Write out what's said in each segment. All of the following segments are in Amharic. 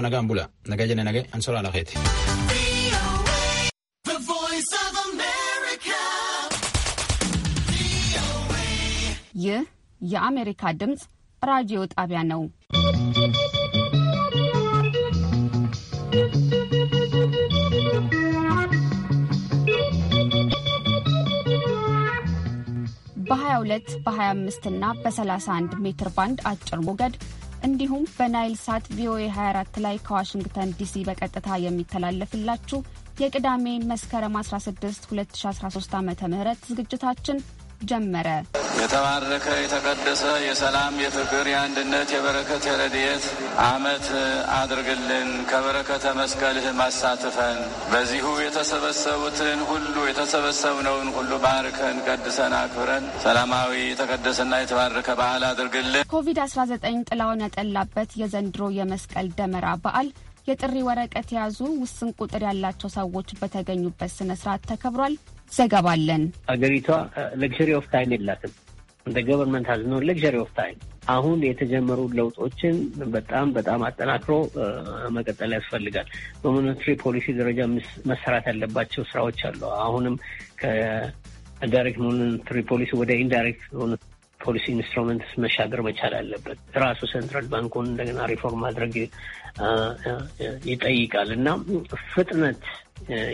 Wanagambula, nagaja na nage, ansola la kheti. ይህ የአሜሪካ ድምፅ ራዲዮ ጣቢያ ነው። በ22 በ25 እና በ31 ሜትር ባንድ አጭር ሞገድ እንዲሁም በናይል ሳት ቪኦኤ 24 ላይ ከዋሽንግተን ዲሲ በቀጥታ የሚተላለፍላችሁ የቅዳሜ መስከረም 16 2013 ዓ ም ዝግጅታችን ጀመረ። የተባረከ የተቀደሰ የሰላም የፍቅር የአንድነት የበረከት የረድኤት ዓመት አድርግልን። ከበረከተ መስቀልህ ማሳትፈን በዚሁ የተሰበሰቡትን ሁሉ የተሰበሰብነውን ሁሉ ባርከን ቀድሰን አክብረን ሰላማዊ የተቀደሰና የተባረከ በዓል አድርግልን። ኮቪድ-19 ጥላውን ያጠላበት የዘንድሮ የመስቀል ደመራ በዓል የጥሪ ወረቀት የያዙ ውስን ቁጥር ያላቸው ሰዎች በተገኙበት ስነ ስርዓት ተከብሯል። ዘገባ አለን። ሀገሪቷ ለግሪ ኦፍ ታይም የላትም። እንደ ገቨርንመንት ሀዝ ለግሪ ኦፍ ታይም አሁን የተጀመሩ ለውጦችን በጣም በጣም አጠናክሮ መቀጠል ያስፈልጋል። በሞኔታሪ ፖሊሲ ደረጃ መሰራት ያለባቸው ስራዎች አሉ። አሁንም ከዳይሬክት ሞኔታሪ ፖሊሲ ወደ ኢንዳይሬክት ፖሊሲ ኢንስትሩመንትስ መሻገር መቻል አለበት። ራሱ ሴንትራል ባንኩን እንደገና ሪፎርም ማድረግ ይጠይቃል እና ፍጥነት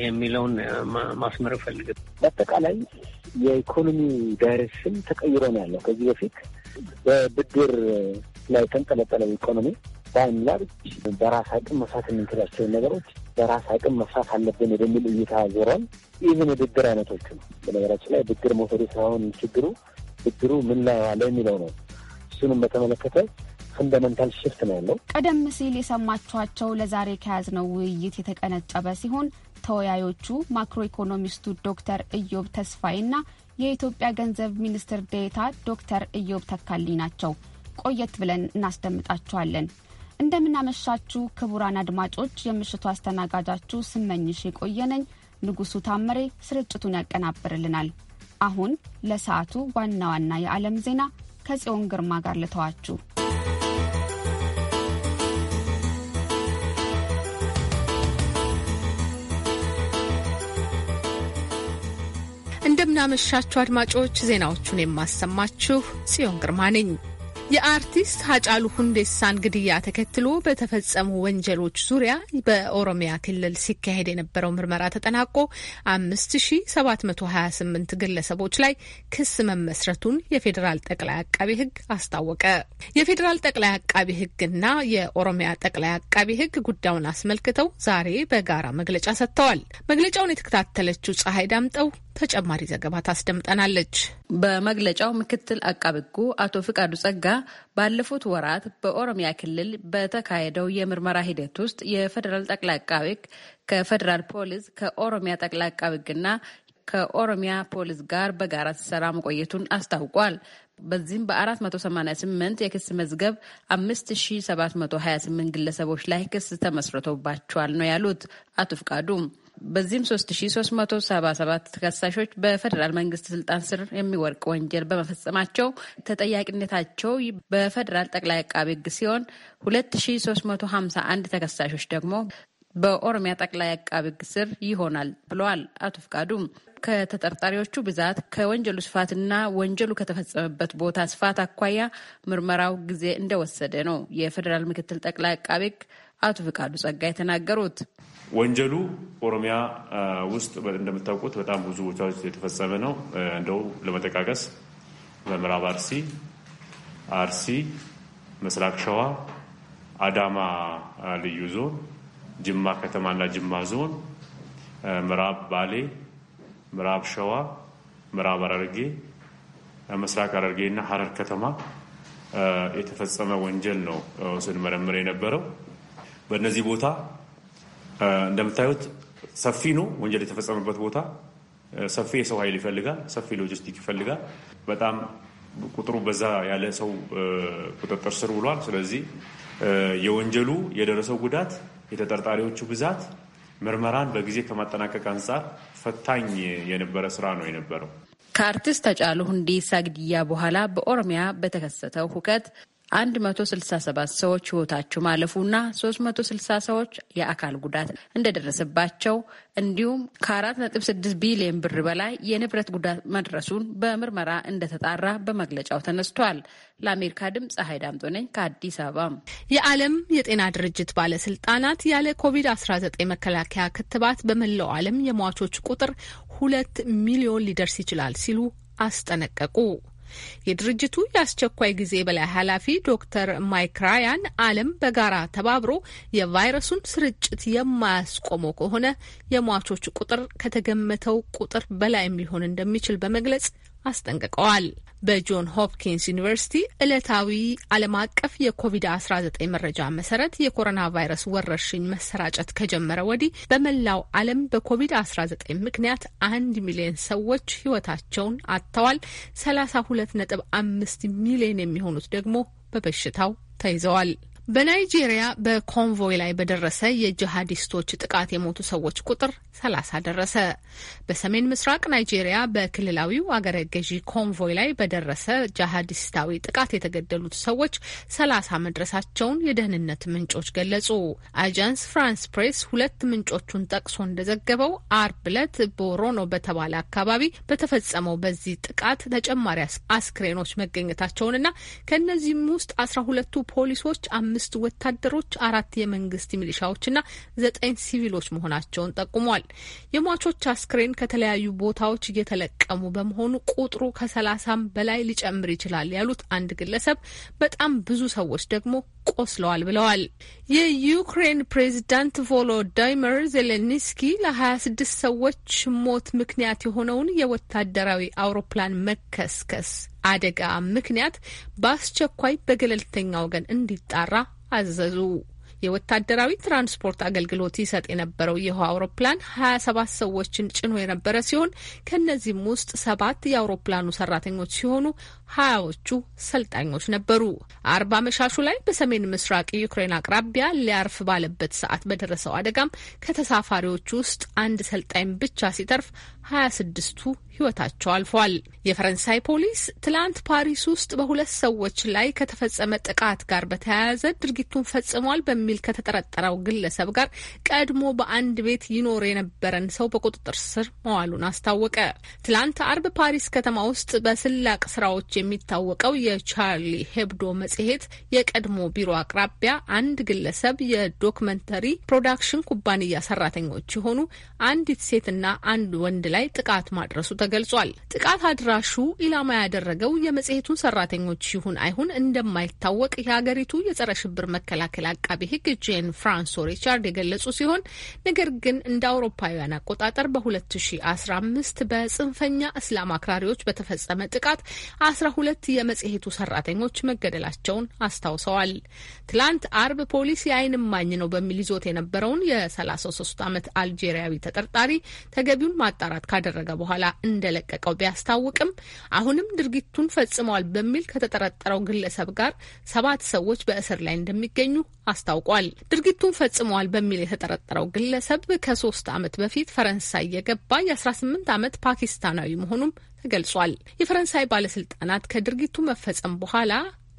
የሚለውን ማስመር ፈልግም። በአጠቃላይ የኢኮኖሚ ዳይሬክሽን ተቀይሮ ነው ያለው። ከዚህ በፊት በብድር ላይ የተንጠለጠለው ኢኮኖሚ በአይን በራስ አቅም መስራት የምንችላቸውን ነገሮች በራስ አቅም መስራት አለብን ወደሚል እይታ ዞሯል። ይህን የብድር ነው በነገራችን ላይ ብድር መውሰዱ ሳይሆን ችግሩ ብድሩ ምን ላይ ዋለ የሚለው ነው። እሱንም በተመለከተ ፈንዳመንታል ሽፍት ነው ያለው። ቀደም ሲል የሰማችኋቸው ለዛሬ ከያዝነው ውይይት የተቀነጨበ ሲሆን ተወያዮቹ ማክሮ ኢኮኖሚስቱ ዶክተር ተስፋይ ተስፋዬና የኢትዮጵያ ገንዘብ ሚኒስትር ዴኤታ ዶክተር እዮብ ተካልኝ ናቸው። ቆየት ብለን እናስደምጣችኋለን። እንደምናመሻችሁ ክቡራን አድማጮች፣ የምሽቱ አስተናጋጃችሁ ስመኝሽ የቆየነኝ። ንጉሱ ታምሬ ስርጭቱን ያቀናብርልናል። አሁን ለሰዓቱ ዋና ዋና የዓለም ዜና ከጽዮን ግርማ ጋር ልተዋችሁ። እንደምናመሻችሁ አድማጮች፣ ዜናዎቹን የማሰማችሁ ጽዮን ግርማ ነኝ። የአርቲስት ሀጫሉ ሁንዴሳን ግድያ ተከትሎ በተፈጸሙ ወንጀሎች ዙሪያ በኦሮሚያ ክልል ሲካሄድ የነበረው ምርመራ ተጠናቆ 5728 ግለሰቦች ላይ ክስ መመስረቱን የፌዴራል ጠቅላይ አቃቢ ሕግ አስታወቀ። የፌዴራል ጠቅላይ አቃቢ ሕግና የኦሮሚያ ጠቅላይ አቃቢ ሕግ ጉዳዩን አስመልክተው ዛሬ በጋራ መግለጫ ሰጥተዋል። መግለጫውን የተከታተለችው ፀሐይ ዳምጠው ተጨማሪ ዘገባ ታስደምጠናለች። በመግለጫው ምክትል አቃቤ ሕጉ አቶ ፍቃዱ ጸጋ ባለፉት ወራት በኦሮሚያ ክልል በተካሄደው የምርመራ ሂደት ውስጥ የፌዴራል ጠቅላይ አቃቤ ሕግ ከፌዴራል ፖሊስ፣ ከኦሮሚያ ጠቅላይ አቃቤ ሕግና ከኦሮሚያ ፖሊስ ጋር በጋራ ሲሰራ መቆየቱን አስታውቋል። በዚህም በ488 የክስ መዝገብ 5728 ግለሰቦች ላይ ክስ ተመስርቶባቸዋል ነው ያሉት አቶ ፍቃዱ። በዚህም 3377 ተከሳሾች በፌዴራል መንግስት ስልጣን ስር የሚወርቅ ወንጀል በመፈጸማቸው ተጠያቂነታቸው በፌዴራል ጠቅላይ አቃቢ ህግ ሲሆን 2351 ተከሳሾች ደግሞ በኦሮሚያ ጠቅላይ አቃቢ ህግ ስር ይሆናል ብለዋል አቶ ፍቃዱም። ከተጠርጣሪዎቹ ብዛት ከወንጀሉ ስፋትና ወንጀሉ ከተፈጸመበት ቦታ ስፋት አኳያ ምርመራው ጊዜ እንደወሰደ ነው የፌዴራል ምክትል ጠቅላይ አቃቢ ህግ አቶ ፍቃዱ ጸጋ የተናገሩት። ወንጀሉ ኦሮሚያ ውስጥ እንደምታውቁት በጣም ብዙ ቦታዎች የተፈጸመ ነው። እንደው ለመጠቃቀስ በምዕራብ አርሲ፣ አርሲ፣ ምስራቅ ሸዋ፣ አዳማ ልዩ ዞን፣ ጅማ ከተማና ጅማ ዞን፣ ምዕራብ ባሌ፣ ምዕራብ ሸዋ፣ ምዕራብ አረርጌ ምስራቅ አረርጌ እና ሀረር ከተማ የተፈጸመ ወንጀል ነው ስንመረምር የነበረው። በእነዚህ ቦታ እንደምታዩት ሰፊ ነው። ወንጀል የተፈጸመበት ቦታ ሰፊ የሰው ኃይል ይፈልጋል። ሰፊ ሎጂስቲክ ይፈልጋል። በጣም ቁጥሩ በዛ ያለ ሰው ቁጥጥር ስር ውሏል። ስለዚህ የወንጀሉ የደረሰው ጉዳት፣ የተጠርጣሪዎቹ ብዛት ምርመራን በጊዜ ከማጠናቀቅ አንጻር ፈታኝ የነበረ ስራ ነው የነበረው። ከአርቲስት ሃጫሉ ሁንዴሳ ግድያ በኋላ በኦሮሚያ በተከሰተው ሁከት 167 ሰዎች ህይወታቸው ማለፉና 360 ሰዎች የአካል ጉዳት እንደደረሰባቸው እንዲሁም ከ4.6 ቢሊዮን ብር በላይ የንብረት ጉዳት መድረሱን በምርመራ እንደተጣራ በመግለጫው ተነስቷል። ለአሜሪካ ድምፅ ፀሐይ ዳምጦ ነኝ ከአዲስ አበባ። የዓለም የጤና ድርጅት ባለስልጣናት ያለ ኮቪድ-19 መከላከያ ክትባት በመላው ዓለም የሟቾች ቁጥር ሁለት ሚሊዮን ሊደርስ ይችላል ሲሉ አስጠነቀቁ። የድርጅቱ የአስቸኳይ ጊዜ በላይ ኃላፊ ዶክተር ማይክ ራያን ዓለም በጋራ ተባብሮ የቫይረሱን ስርጭት የማያስቆመው ከሆነ የሟቾች ቁጥር ከተገመተው ቁጥር በላይም ሊሆን እንደሚችል በመግለጽ አስጠንቅቀዋል። በጆን ሆፕኪንስ ዩኒቨርሲቲ ዕለታዊ ዓለም አቀፍ የኮቪድ-19 መረጃ መሰረት የኮሮና ቫይረስ ወረርሽኝ መሰራጨት ከጀመረ ወዲህ በመላው ዓለም በኮቪድ-19 ምክንያት አንድ ሚሊዮን ሰዎች ሕይወታቸውን አጥተዋል። አምስት ሚሊዮን የሚሆኑት ደግሞ በበሽታው ተይዘዋል። በናይጄሪያ በኮንቮይ ላይ በደረሰ የጂሃዲስቶች ጥቃት የሞቱ ሰዎች ቁጥር ሰላሳ ደረሰ። በሰሜን ምስራቅ ናይጄሪያ በክልላዊው አገረ ገዢ ኮንቮይ ላይ በደረሰ ጂሃዲስታዊ ጥቃት የተገደሉት ሰዎች ሰላሳ መድረሳቸውን የደህንነት ምንጮች ገለጹ። አጃንስ ፍራንስ ፕሬስ ሁለት ምንጮቹን ጠቅሶ እንደዘገበው አርብ ዕለት ቦሮኖ በተባለ አካባቢ በተፈጸመው በዚህ ጥቃት ተጨማሪ አስክሬኖች መገኘታቸውንና ከእነዚህም ውስጥ አስራ ሁለቱ ፖሊሶች አምስቱ ወታደሮች፣ አራት የመንግስት ሚሊሻዎችና ዘጠኝ ሲቪሎች መሆናቸውን ጠቁሟል። የሟቾች አስክሬን ከተለያዩ ቦታዎች እየተለቀሙ በመሆኑ ቁጥሩ ከሰላሳም በላይ ሊጨምር ይችላል ያሉት አንድ ግለሰብ በጣም ብዙ ሰዎች ደግሞ ቆስለዋል ብለዋል። የዩክሬን ፕሬዚዳንት ቮሎዳይመር ዜሌንስኪ ለ26 ሰዎች ሞት ምክንያት የሆነውን የወታደራዊ አውሮፕላን መከስከስ አደጋ ምክንያት በአስቸኳይ በገለልተኛ ወገን እንዲጣራ አዘዙ። የወታደራዊ ትራንስፖርት አገልግሎት ይሰጥ የነበረው ይኸው አውሮፕላን ሀያ ሰባት ሰዎችን ጭኖ የነበረ ሲሆን ከእነዚህም ውስጥ ሰባት የአውሮፕላኑ ሰራተኞች ሲሆኑ ሀያዎቹ ሰልጣኞች ነበሩ። አርባ መሻሹ ላይ በሰሜን ምስራቅ ዩክሬን አቅራቢያ ሊያርፍ ባለበት ሰዓት በደረሰው አደጋም ከተሳፋሪዎች ውስጥ አንድ ሰልጣኝ ብቻ ሲተርፍ ሀያ ስድስቱ ሕይወታቸው አልፏል። የፈረንሳይ ፖሊስ ትላንት ፓሪስ ውስጥ በሁለት ሰዎች ላይ ከተፈጸመ ጥቃት ጋር በተያያዘ ድርጊቱን ፈጽሟል በሚል ከተጠረጠረው ግለሰብ ጋር ቀድሞ በአንድ ቤት ይኖር የነበረን ሰው በቁጥጥር ስር መዋሉን አስታወቀ። ትላንት አርብ ፓሪስ ከተማ ውስጥ በስላቅ ስራዎች የሚታወቀው የቻርሊ ሄብዶ መጽሔት የቀድሞ ቢሮ አቅራቢያ አንድ ግለሰብ የዶክመንተሪ ፕሮዳክሽን ኩባንያ ሰራተኞች የሆኑ አንዲት ሴትና አንድ ወንድ ላይ ጥቃት ማድረሱ ተገልጿል። ጥቃት አድራሹ ኢላማ ያደረገው የመጽሔቱን ሰራተኞች ይሁን አይሁን እንደማይታወቅ የሀገሪቱ የጸረ ሽብር መከላከል አቃቢ ሕግ ጄን ፍራንሶ ሪቻርድ የገለጹ ሲሆን ነገር ግን እንደ አውሮፓውያን አቆጣጠር በ2015 በጽንፈኛ እስላም አክራሪዎች በተፈጸመ ጥቃት 12 የመጽሔቱ ሰራተኞች መገደላቸውን አስታውሰዋል። ትላንት አርብ ፖሊስ የአይን እማኝ ነው በሚል ይዞት የነበረውን የ33 ዓመት አልጄሪያዊ ተጠርጣሪ ተገቢውን ማጣራት ካደረገ በኋላ እንደለቀቀው ቢያስታውቅም አሁንም ድርጊቱን ፈጽመዋል በሚል ከተጠረጠረው ግለሰብ ጋር ሰባት ሰዎች በእስር ላይ እንደሚገኙ አስታውቋል። ድርጊቱን ፈጽመዋል በሚል የተጠረጠረው ግለሰብ ከሶስት ዓመት በፊት ፈረንሳይ የገባ የ18 ዓመት ፓኪስታናዊ መሆኑም ተገልጿል። የፈረንሳይ ባለስልጣናት ከድርጊቱ መፈጸም በኋላ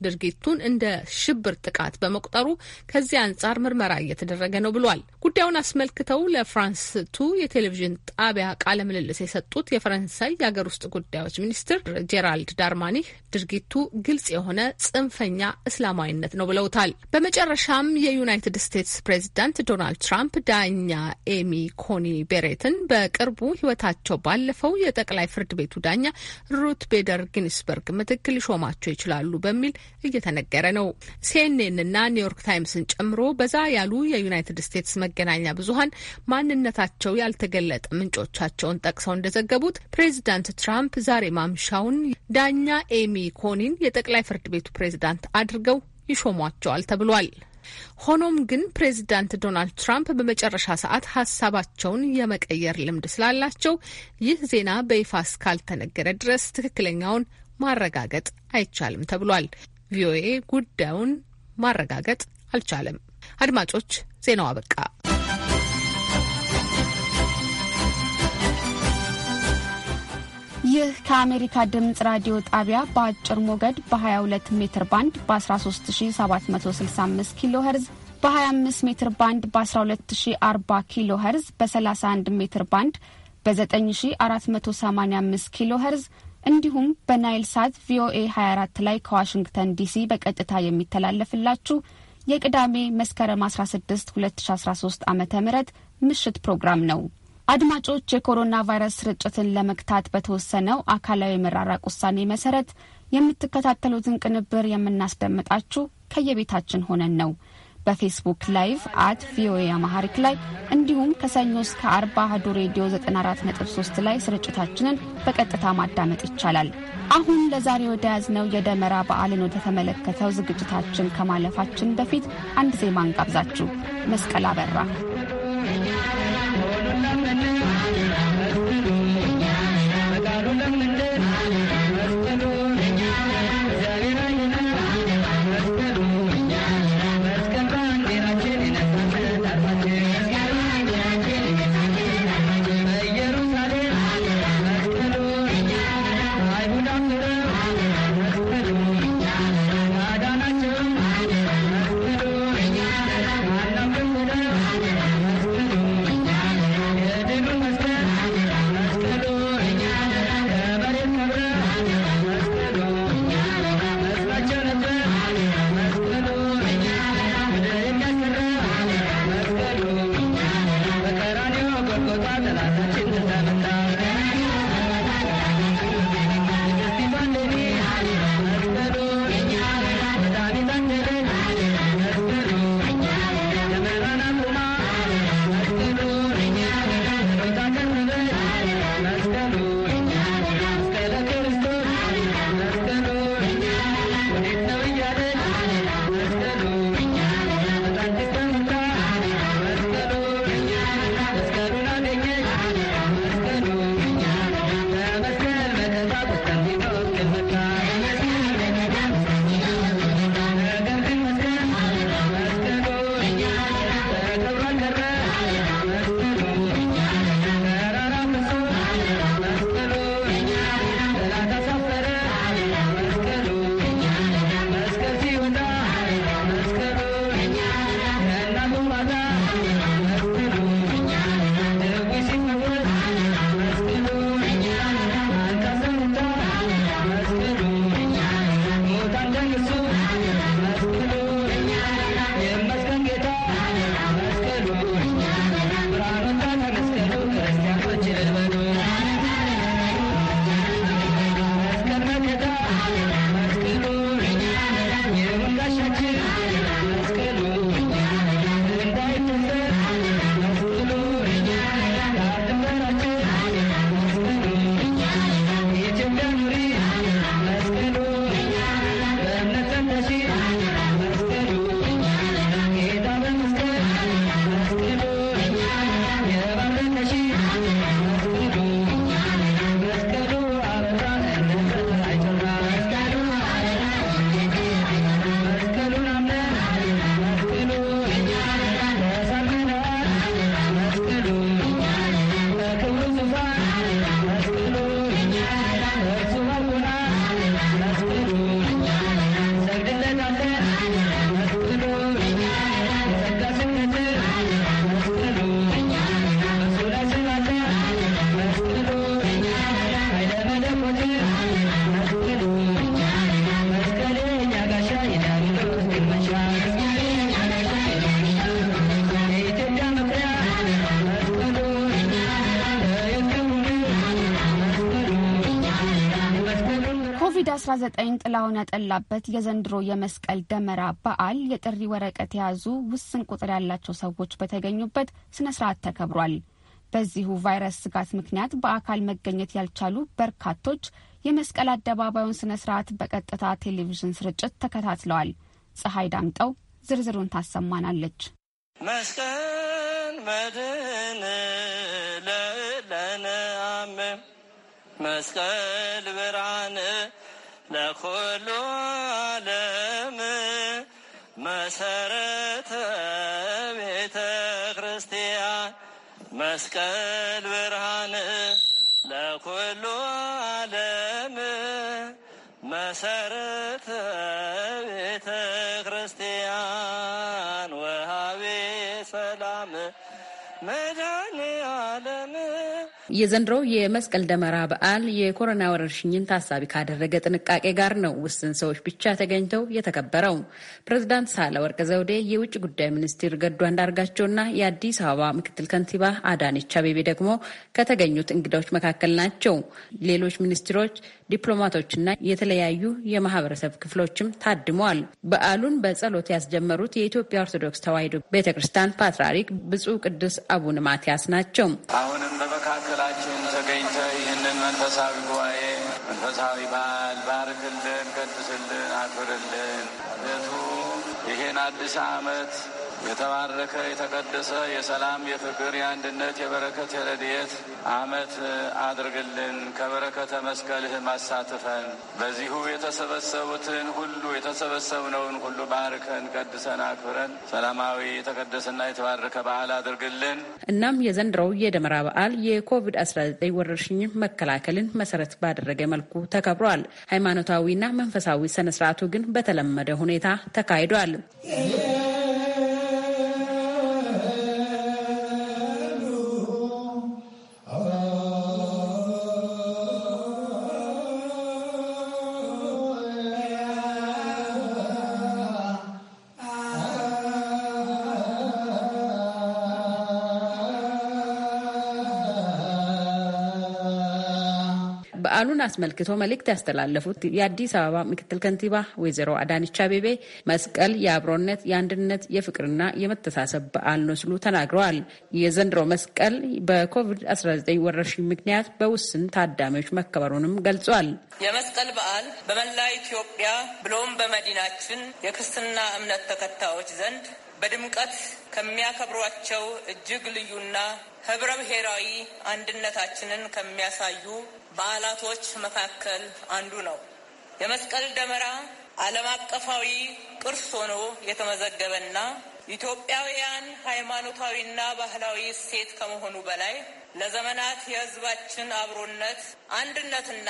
ድርጊቱን እንደ ሽብር ጥቃት በመቁጠሩ ከዚህ አንጻር ምርመራ እየተደረገ ነው ብሏል። ጉዳዩን አስመልክተው ለፍራንስ ቱ የቴሌቪዥን ጣቢያ ቃለ ምልልስ የሰጡት የፈረንሳይ የሀገር ውስጥ ጉዳዮች ሚኒስትር ጄራልድ ዳርማኒ ድርጊቱ ግልጽ የሆነ ጽንፈኛ እስላማዊነት ነው ብለውታል። በመጨረሻም የዩናይትድ ስቴትስ ፕሬዚዳንት ዶናልድ ትራምፕ ዳኛ ኤሚ ኮኒ ቤሬትን በቅርቡ ሕይወታቸው ባለፈው የጠቅላይ ፍርድ ቤቱ ዳኛ ሩት ቤደር ጊንስበርግ ምትክል ሊሾማቸው ይችላሉ በሚል እየተነገረ ነው። ሲኤንኤን እና ኒውዮርክ ታይምስን ጨምሮ በዛ ያሉ የዩናይትድ ስቴትስ መገናኛ ብዙሀን ማንነታቸው ያልተገለጠ ምንጮቻቸውን ጠቅሰው እንደዘገቡት ፕሬዚዳንት ትራምፕ ዛሬ ማምሻውን ዳኛ ኤሚ ኮኒን የጠቅላይ ፍርድ ቤቱ ፕሬዚዳንት አድርገው ይሾሟቸዋል ተብሏል። ሆኖም ግን ፕሬዚዳንት ዶናልድ ትራምፕ በመጨረሻ ሰዓት ሀሳባቸውን የመቀየር ልምድ ስላላቸው ይህ ዜና በይፋ እስካልተነገረ ድረስ ትክክለኛውን ማረጋገጥ አይቻልም ተብሏል። ቪኦኤ ጉዳዩን ማረጋገጥ አልቻለም። አድማጮች፣ ዜናው አበቃ። ይህ ከአሜሪካ ድምፅ ራዲዮ ጣቢያ በአጭር ሞገድ በ22 ሜትር ባንድ በ13765 ኪሎ ኸርዝ በ25 ሜትር ባንድ በ1240 ኪሎ ኸርዝ በ31 ሜትር ባንድ በ9485 ኪሎ ኸርዝ እንዲሁም በናይል ሳት ቪኦኤ 24 ላይ ከዋሽንግተን ዲሲ በቀጥታ የሚተላለፍላችሁ የቅዳሜ መስከረም 16 2013 ዓ ም ምሽት ፕሮግራም ነው። አድማጮች የኮሮና ቫይረስ ስርጭትን ለመግታት በተወሰነው አካላዊ መራራቅ ውሳኔ መሰረት የምትከታተሉትን ቅንብር የምናስደምጣችሁ ከየቤታችን ሆነን ነው። በፌስቡክ ላይቭ አት ቪኦኤ አማሐሪክ ላይ እንዲሁም ከሰኞ እስከ አርብ አህዱ ሬዲዮ 94.3 ላይ ስርጭታችንን በቀጥታ ማዳመጥ ይቻላል። አሁን ለዛሬ ወደ ያዝነው የደመራ በዓልን ወደ ተመለከተው ዝግጅታችን ከማለፋችን በፊት አንድ ዜማ እንጋብዛችሁ። መስቀል አበራ 19 ጥላውን ያጠላበት የዘንድሮ የመስቀል ደመራ በዓል የጥሪ ወረቀት የያዙ ውስን ቁጥር ያላቸው ሰዎች በተገኙበት ስነ ስርዓት ተከብሯል። በዚሁ ቫይረስ ስጋት ምክንያት በአካል መገኘት ያልቻሉ በርካቶች የመስቀል አደባባዩን ስነ ስርዓት በቀጥታ ቴሌቪዥን ስርጭት ተከታትለዋል። ፀሐይ ዳምጠው ዝርዝሩን ታሰማናለች። መስቀል መድን ለለነ አመ መስቀል ብርሃን ለኩሉ ዓለም መሰረተ ቤተ ክርስቲያን መስቀል ብርሃን ለኩሉ ዓለም መሰረተ ቤተ ክርስቲያን ወሃቤ ሰላም የዘንድሮው የመስቀል ደመራ በዓል የኮሮና ወረርሽኝን ታሳቢ ካደረገ ጥንቃቄ ጋር ነው ውስን ሰዎች ብቻ ተገኝተው የተከበረው። ፕሬዝዳንት ሳህለወርቅ ዘውዴ፣ የውጭ ጉዳይ ሚኒስትር ገዱ አንዳርጋቸውና የአዲስ አበባ ምክትል ከንቲባ አዳነች አቤቤ ደግሞ ከተገኙት እንግዳዎች መካከል ናቸው። ሌሎች ሚኒስትሮች፣ ዲፕሎማቶችና የተለያዩ የማህበረሰብ ክፍሎችም ታድመዋል። በዓሉን በጸሎት ያስጀመሩት የኢትዮጵያ ኦርቶዶክስ ተዋሕዶ ቤተክርስቲያን ክርስቲያን ፓትርያርክ ብፁዕ ቅዱስ አቡነ ማቲያስ ናቸው። አሁንም በመካከላችን ተገኝተ ይህንን መንፈሳዊ ጉባኤ መንፈሳዊ በዓል ባርክልን፣ ቀድስልን፣ አክብርልን ቤቱ ይህን አዲስ ዓመት የተባረከ የተቀደሰ የሰላም የፍቅር የአንድነት የበረከት የረድኤት ዓመት አድርግልን። ከበረከተ መስቀልህ አሳትፈን። በዚሁ የተሰበሰቡትን ሁሉ የተሰበሰብነውን ሁሉ ባርከን ቀድሰን አክብረን ሰላማዊ የተቀደሰና የተባረከ በዓል አድርግልን። እናም የዘንድሮው የደመራ በዓል የኮቪድ-19 ወረርሽኝ መከላከልን መሰረት ባደረገ መልኩ ተከብሯል። ሃይማኖታዊና መንፈሳዊ ስነስርዓቱ ግን በተለመደ ሁኔታ ተካሂዷል። በዓሉን አስመልክቶ መልእክት ያስተላለፉት የአዲስ አበባ ምክትል ከንቲባ ወይዘሮ አዳነች አቤቤ መስቀል የአብሮነት፣ የአንድነት፣ የፍቅርና የመተሳሰብ በዓል ነው ሲሉ ተናግረዋል። የዘንድሮ መስቀል በኮቪድ-19 ወረርሽኝ ምክንያት በውስን ታዳሚዎች መከበሩንም ገልጿል። የመስቀል በዓል በመላ ኢትዮጵያ ብሎም በመዲናችን የክርስትና እምነት ተከታዮች ዘንድ በድምቀት ከሚያከብሯቸው እጅግ ልዩና ህብረ ብሔራዊ አንድነታችንን ከሚያሳዩ በዓላቶች መካከል አንዱ ነው። የመስቀል ደመራ ዓለም አቀፋዊ ቅርስ ሆኖ የተመዘገበና ኢትዮጵያውያን ሃይማኖታዊና ባህላዊ እሴት ከመሆኑ በላይ ለዘመናት የሕዝባችን አብሮነት አንድነትና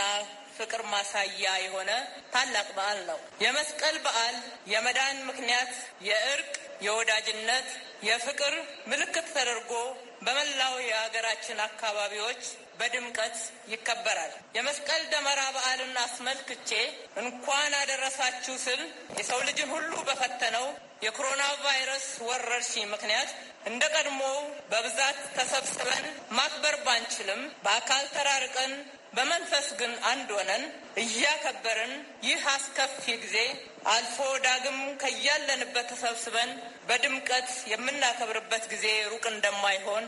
ፍቅር ማሳያ የሆነ ታላቅ በዓል ነው። የመስቀል በዓል የመዳን ምክንያት፣ የእርቅ፣ የወዳጅነት፣ የፍቅር ምልክት ተደርጎ በመላው የሀገራችን አካባቢዎች በድምቀት ይከበራል። የመስቀል ደመራ በዓልን አስመልክቼ እንኳን አደረሳችሁ ስል የሰው ልጅን ሁሉ በፈተነው የኮሮና ቫይረስ ወረርሽኝ ምክንያት እንደ ቀድሞው በብዛት ተሰብስበን ማክበር ባንችልም በአካል ተራርቀን በመንፈስ ግን አንድ ሆነን እያከበርን ይህ አስከፊ ጊዜ አልፎ ዳግም ከያለንበት ተሰብስበን በድምቀት የምናከብርበት ጊዜ ሩቅ እንደማይሆን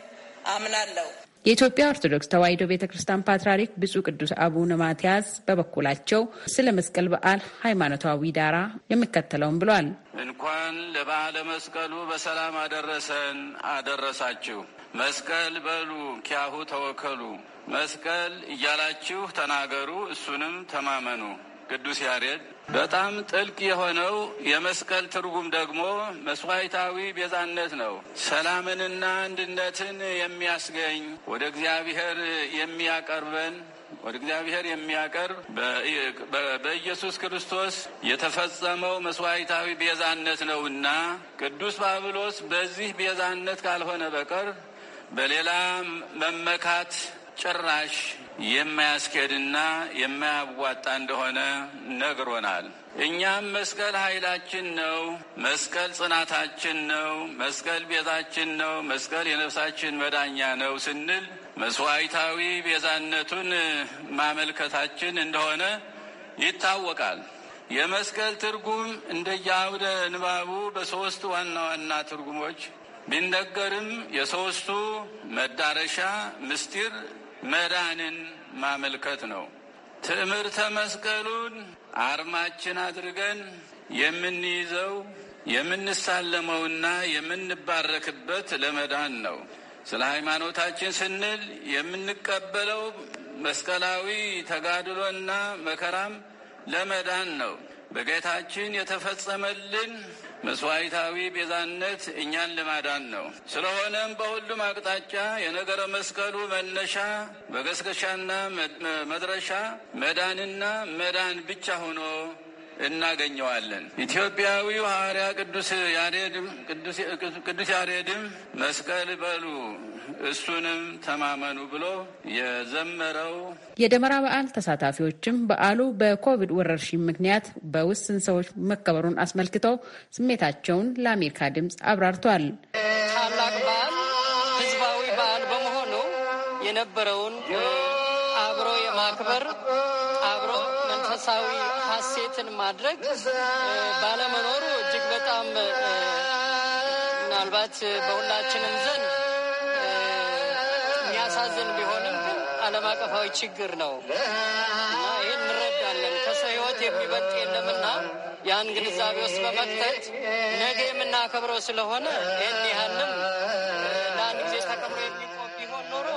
አምናለሁ። የኢትዮጵያ ኦርቶዶክስ ተዋሕዶ ቤተ ክርስቲያን ፓትርያርክ ብፁዕ ቅዱስ አቡነ ማትያስ በበኩላቸው ስለ መስቀል በዓል ሃይማኖታዊ ዳራ የሚከተለውን ብሏል። እንኳን ለበዓለ መስቀሉ በሰላም አደረሰን አደረሳችሁ። መስቀል በሉ ኪያሁ ተወከሉ፣ መስቀል እያላችሁ ተናገሩ፣ እሱንም ተማመኑ ቅዱስ ያሬድ በጣም ጥልቅ የሆነው የመስቀል ትርጉም ደግሞ መስዋዕታዊ ቤዛነት ነው። ሰላምንና አንድነትን የሚያስገኝ ወደ እግዚአብሔር የሚያቀርበን ወደ እግዚአብሔር የሚያቀርብ በኢየሱስ ክርስቶስ የተፈጸመው መስዋዕታዊ ቤዛነት ነውና ቅዱስ ባብሎስ በዚህ ቤዛነት ካልሆነ በቀር በሌላ መመካት ጭራሽ የማያስኬድና የማያዋጣ እንደሆነ ነግሮናል። እኛም መስቀል ኃይላችን ነው፣ መስቀል ጽናታችን ነው፣ መስቀል ቤዛችን ነው፣ መስቀል የነፍሳችን መዳኛ ነው ስንል መስዋዕታዊ ቤዛነቱን ማመልከታችን እንደሆነ ይታወቃል። የመስቀል ትርጉም እንደየአውደ ንባቡ በሦስት ዋና ዋና ትርጉሞች ቢነገርም የሦስቱ መዳረሻ ምስጢር መዳንን ማመልከት ነው። ትምህርተ መስቀሉን አርማችን አድርገን የምንይዘው የምንሳለመውና የምንባረክበት ለመዳን ነው። ስለ ሃይማኖታችን ስንል የምንቀበለው መስቀላዊ ተጋድሎና መከራም ለመዳን ነው። በጌታችን የተፈጸመልን መስዋዕታዊ ቤዛነት እኛን ለማዳን ነው። ስለሆነም በሁሉም አቅጣጫ የነገረ መስቀሉ መነሻ መገስገሻና መድረሻ መዳንና መዳን ብቻ ሆኖ እናገኘዋለን። ኢትዮጵያዊው ሐዋርያ ቅዱስ ያሬድም ቅዱስ ያሬድም መስቀል በሉ እሱንም ተማመኑ ብሎ የዘመረው። የደመራ በዓል ተሳታፊዎችም በዓሉ በኮቪድ ወረርሽኝ ምክንያት በውስን ሰዎች መከበሩን አስመልክተው ስሜታቸውን ለአሜሪካ ድምፅ አብራርቷል። ታላቅ በዓል ህዝባዊ በዓል በመሆኑ የነበረውን አብሮ የማክበር አብሮ መንፈሳዊ ሀሴትን ማድረግ ባለመኖሩ እጅግ በጣም ምናልባት በሁላችንም ዘንድ አቀፋዊ ችግር ነው እና ይህን እንረዳለን። ከሰው ህይወት የሚበልጥ የለምና ያን ግንዛቤ ውስጥ በመክተት ነገ የምናከብረው ስለሆነ ይህን ያህልም ለአንድ ጊዜ ተከብሮ የሚቆም ቢሆን ኖሮ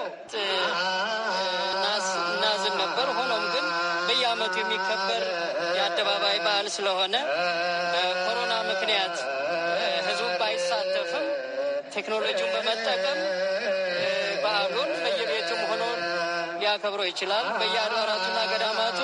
እናዝን ነበር። ሆኖም ግን በየአመቱ የሚከበር የአደባባይ በዓል ስለሆነ በኮሮና ምክንያት ህዝቡ ባይሳተፍም ቴክኖሎጂውን በመጠቀም ሊያከብረው ይችላል። በየአድባራቱና ገዳማቱ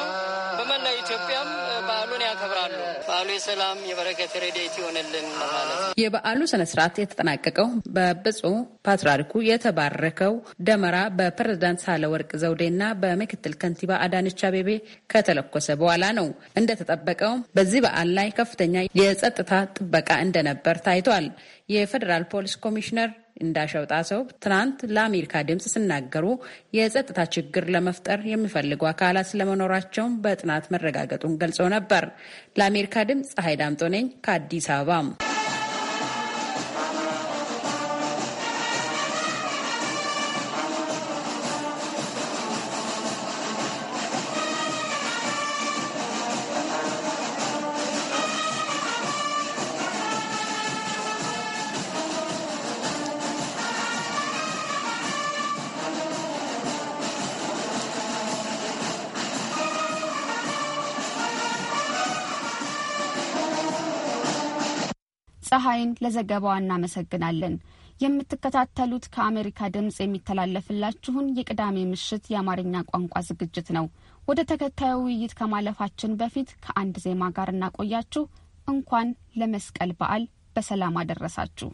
በመላ ኢትዮጵያም በዓሉን ያከብራሉ። በዓሉ የሰላም የበረከት ረድኤት ይሆንልን ማለት የበዓሉ ስነ ስርዓት የተጠናቀቀው በብፁዕ ፓትርያርኩ የተባረከው ደመራ በፕሬዝዳንት ሳህለወርቅ ዘውዴና በምክትል ከንቲባ አዳነች አቤቤ ከተለኮሰ በኋላ ነው። እንደተጠበቀው በዚህ በዓል ላይ ከፍተኛ የጸጥታ ጥበቃ እንደነበር ታይቷል። የፌዴራል ፖሊስ ኮሚሽነር እንዳሸውጣ ሰው ትናንት ለአሜሪካ ድምፅ ሲናገሩ የጸጥታ ችግር ለመፍጠር የሚፈልጉ አካላት ስለመኖራቸውም በጥናት መረጋገጡን ገልጾ ነበር። ለአሜሪካ ድምፅ ፀሐይ ዳምጦ ነኝ ከአዲስ አበባ። ፋይን ለዘገባዋ እናመሰግናለን። የምትከታተሉት ከአሜሪካ ድምፅ የሚተላለፍላችሁን የቅዳሜ ምሽት የአማርኛ ቋንቋ ዝግጅት ነው። ወደ ተከታዩ ውይይት ከማለፋችን በፊት ከአንድ ዜማ ጋር እናቆያችሁ። እንኳን ለመስቀል በዓል በሰላም አደረሳችሁ።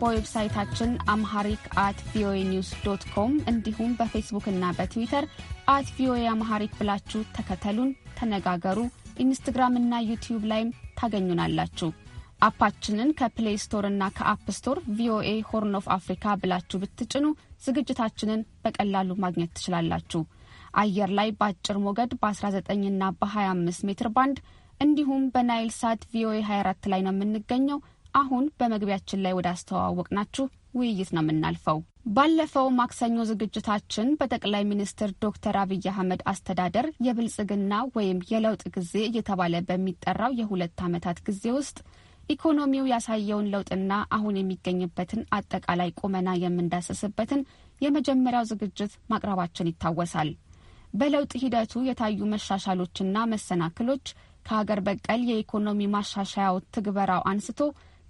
በዌብሳይታችን አምሃሪክ አት ቪኦኤ ኒውስ ዶት ኮም እንዲሁም በፌስቡክ እና በትዊተር አት ቪኦኤ አምሃሪክ ብላችሁ ተከተሉን፣ ተነጋገሩ። ኢንስትግራም እና ዩቲዩብ ላይም ታገኙናላችሁ። አፓችንን ከፕሌይ ስቶር እና ከአፕ ስቶር ቪኦኤ ሆርን ኦፍ አፍሪካ ብላችሁ ብትጭኑ ዝግጅታችንን በቀላሉ ማግኘት ትችላላችሁ። አየር ላይ በአጭር ሞገድ በ19 እና በ25 ሜትር ባንድ እንዲሁም በናይል ሳት ቪኦኤ 24 ላይ ነው የምንገኘው። አሁን በመግቢያችን ላይ ወደ ናችሁ ውይይት ነው የምናልፈው። ባለፈው ማክሰኞ ዝግጅታችን በጠቅላይ ሚኒስትር ዶክተር አብይ አህመድ አስተዳደር የብልጽግና ወይም የለውጥ ጊዜ እየተባለ በሚጠራው የሁለት ዓመታት ጊዜ ውስጥ ኢኮኖሚው ያሳየውን ለውጥና አሁን የሚገኝበትን አጠቃላይ ቁመና የምንዳሰስበትን የመጀመሪያው ዝግጅት ማቅረባችን ይታወሳል። በለውጥ ሂደቱ የታዩ መሻሻሎችና መሰናክሎች ከሀገር በቀል የኢኮኖሚ ማሻሻያው ትግበራው አንስቶ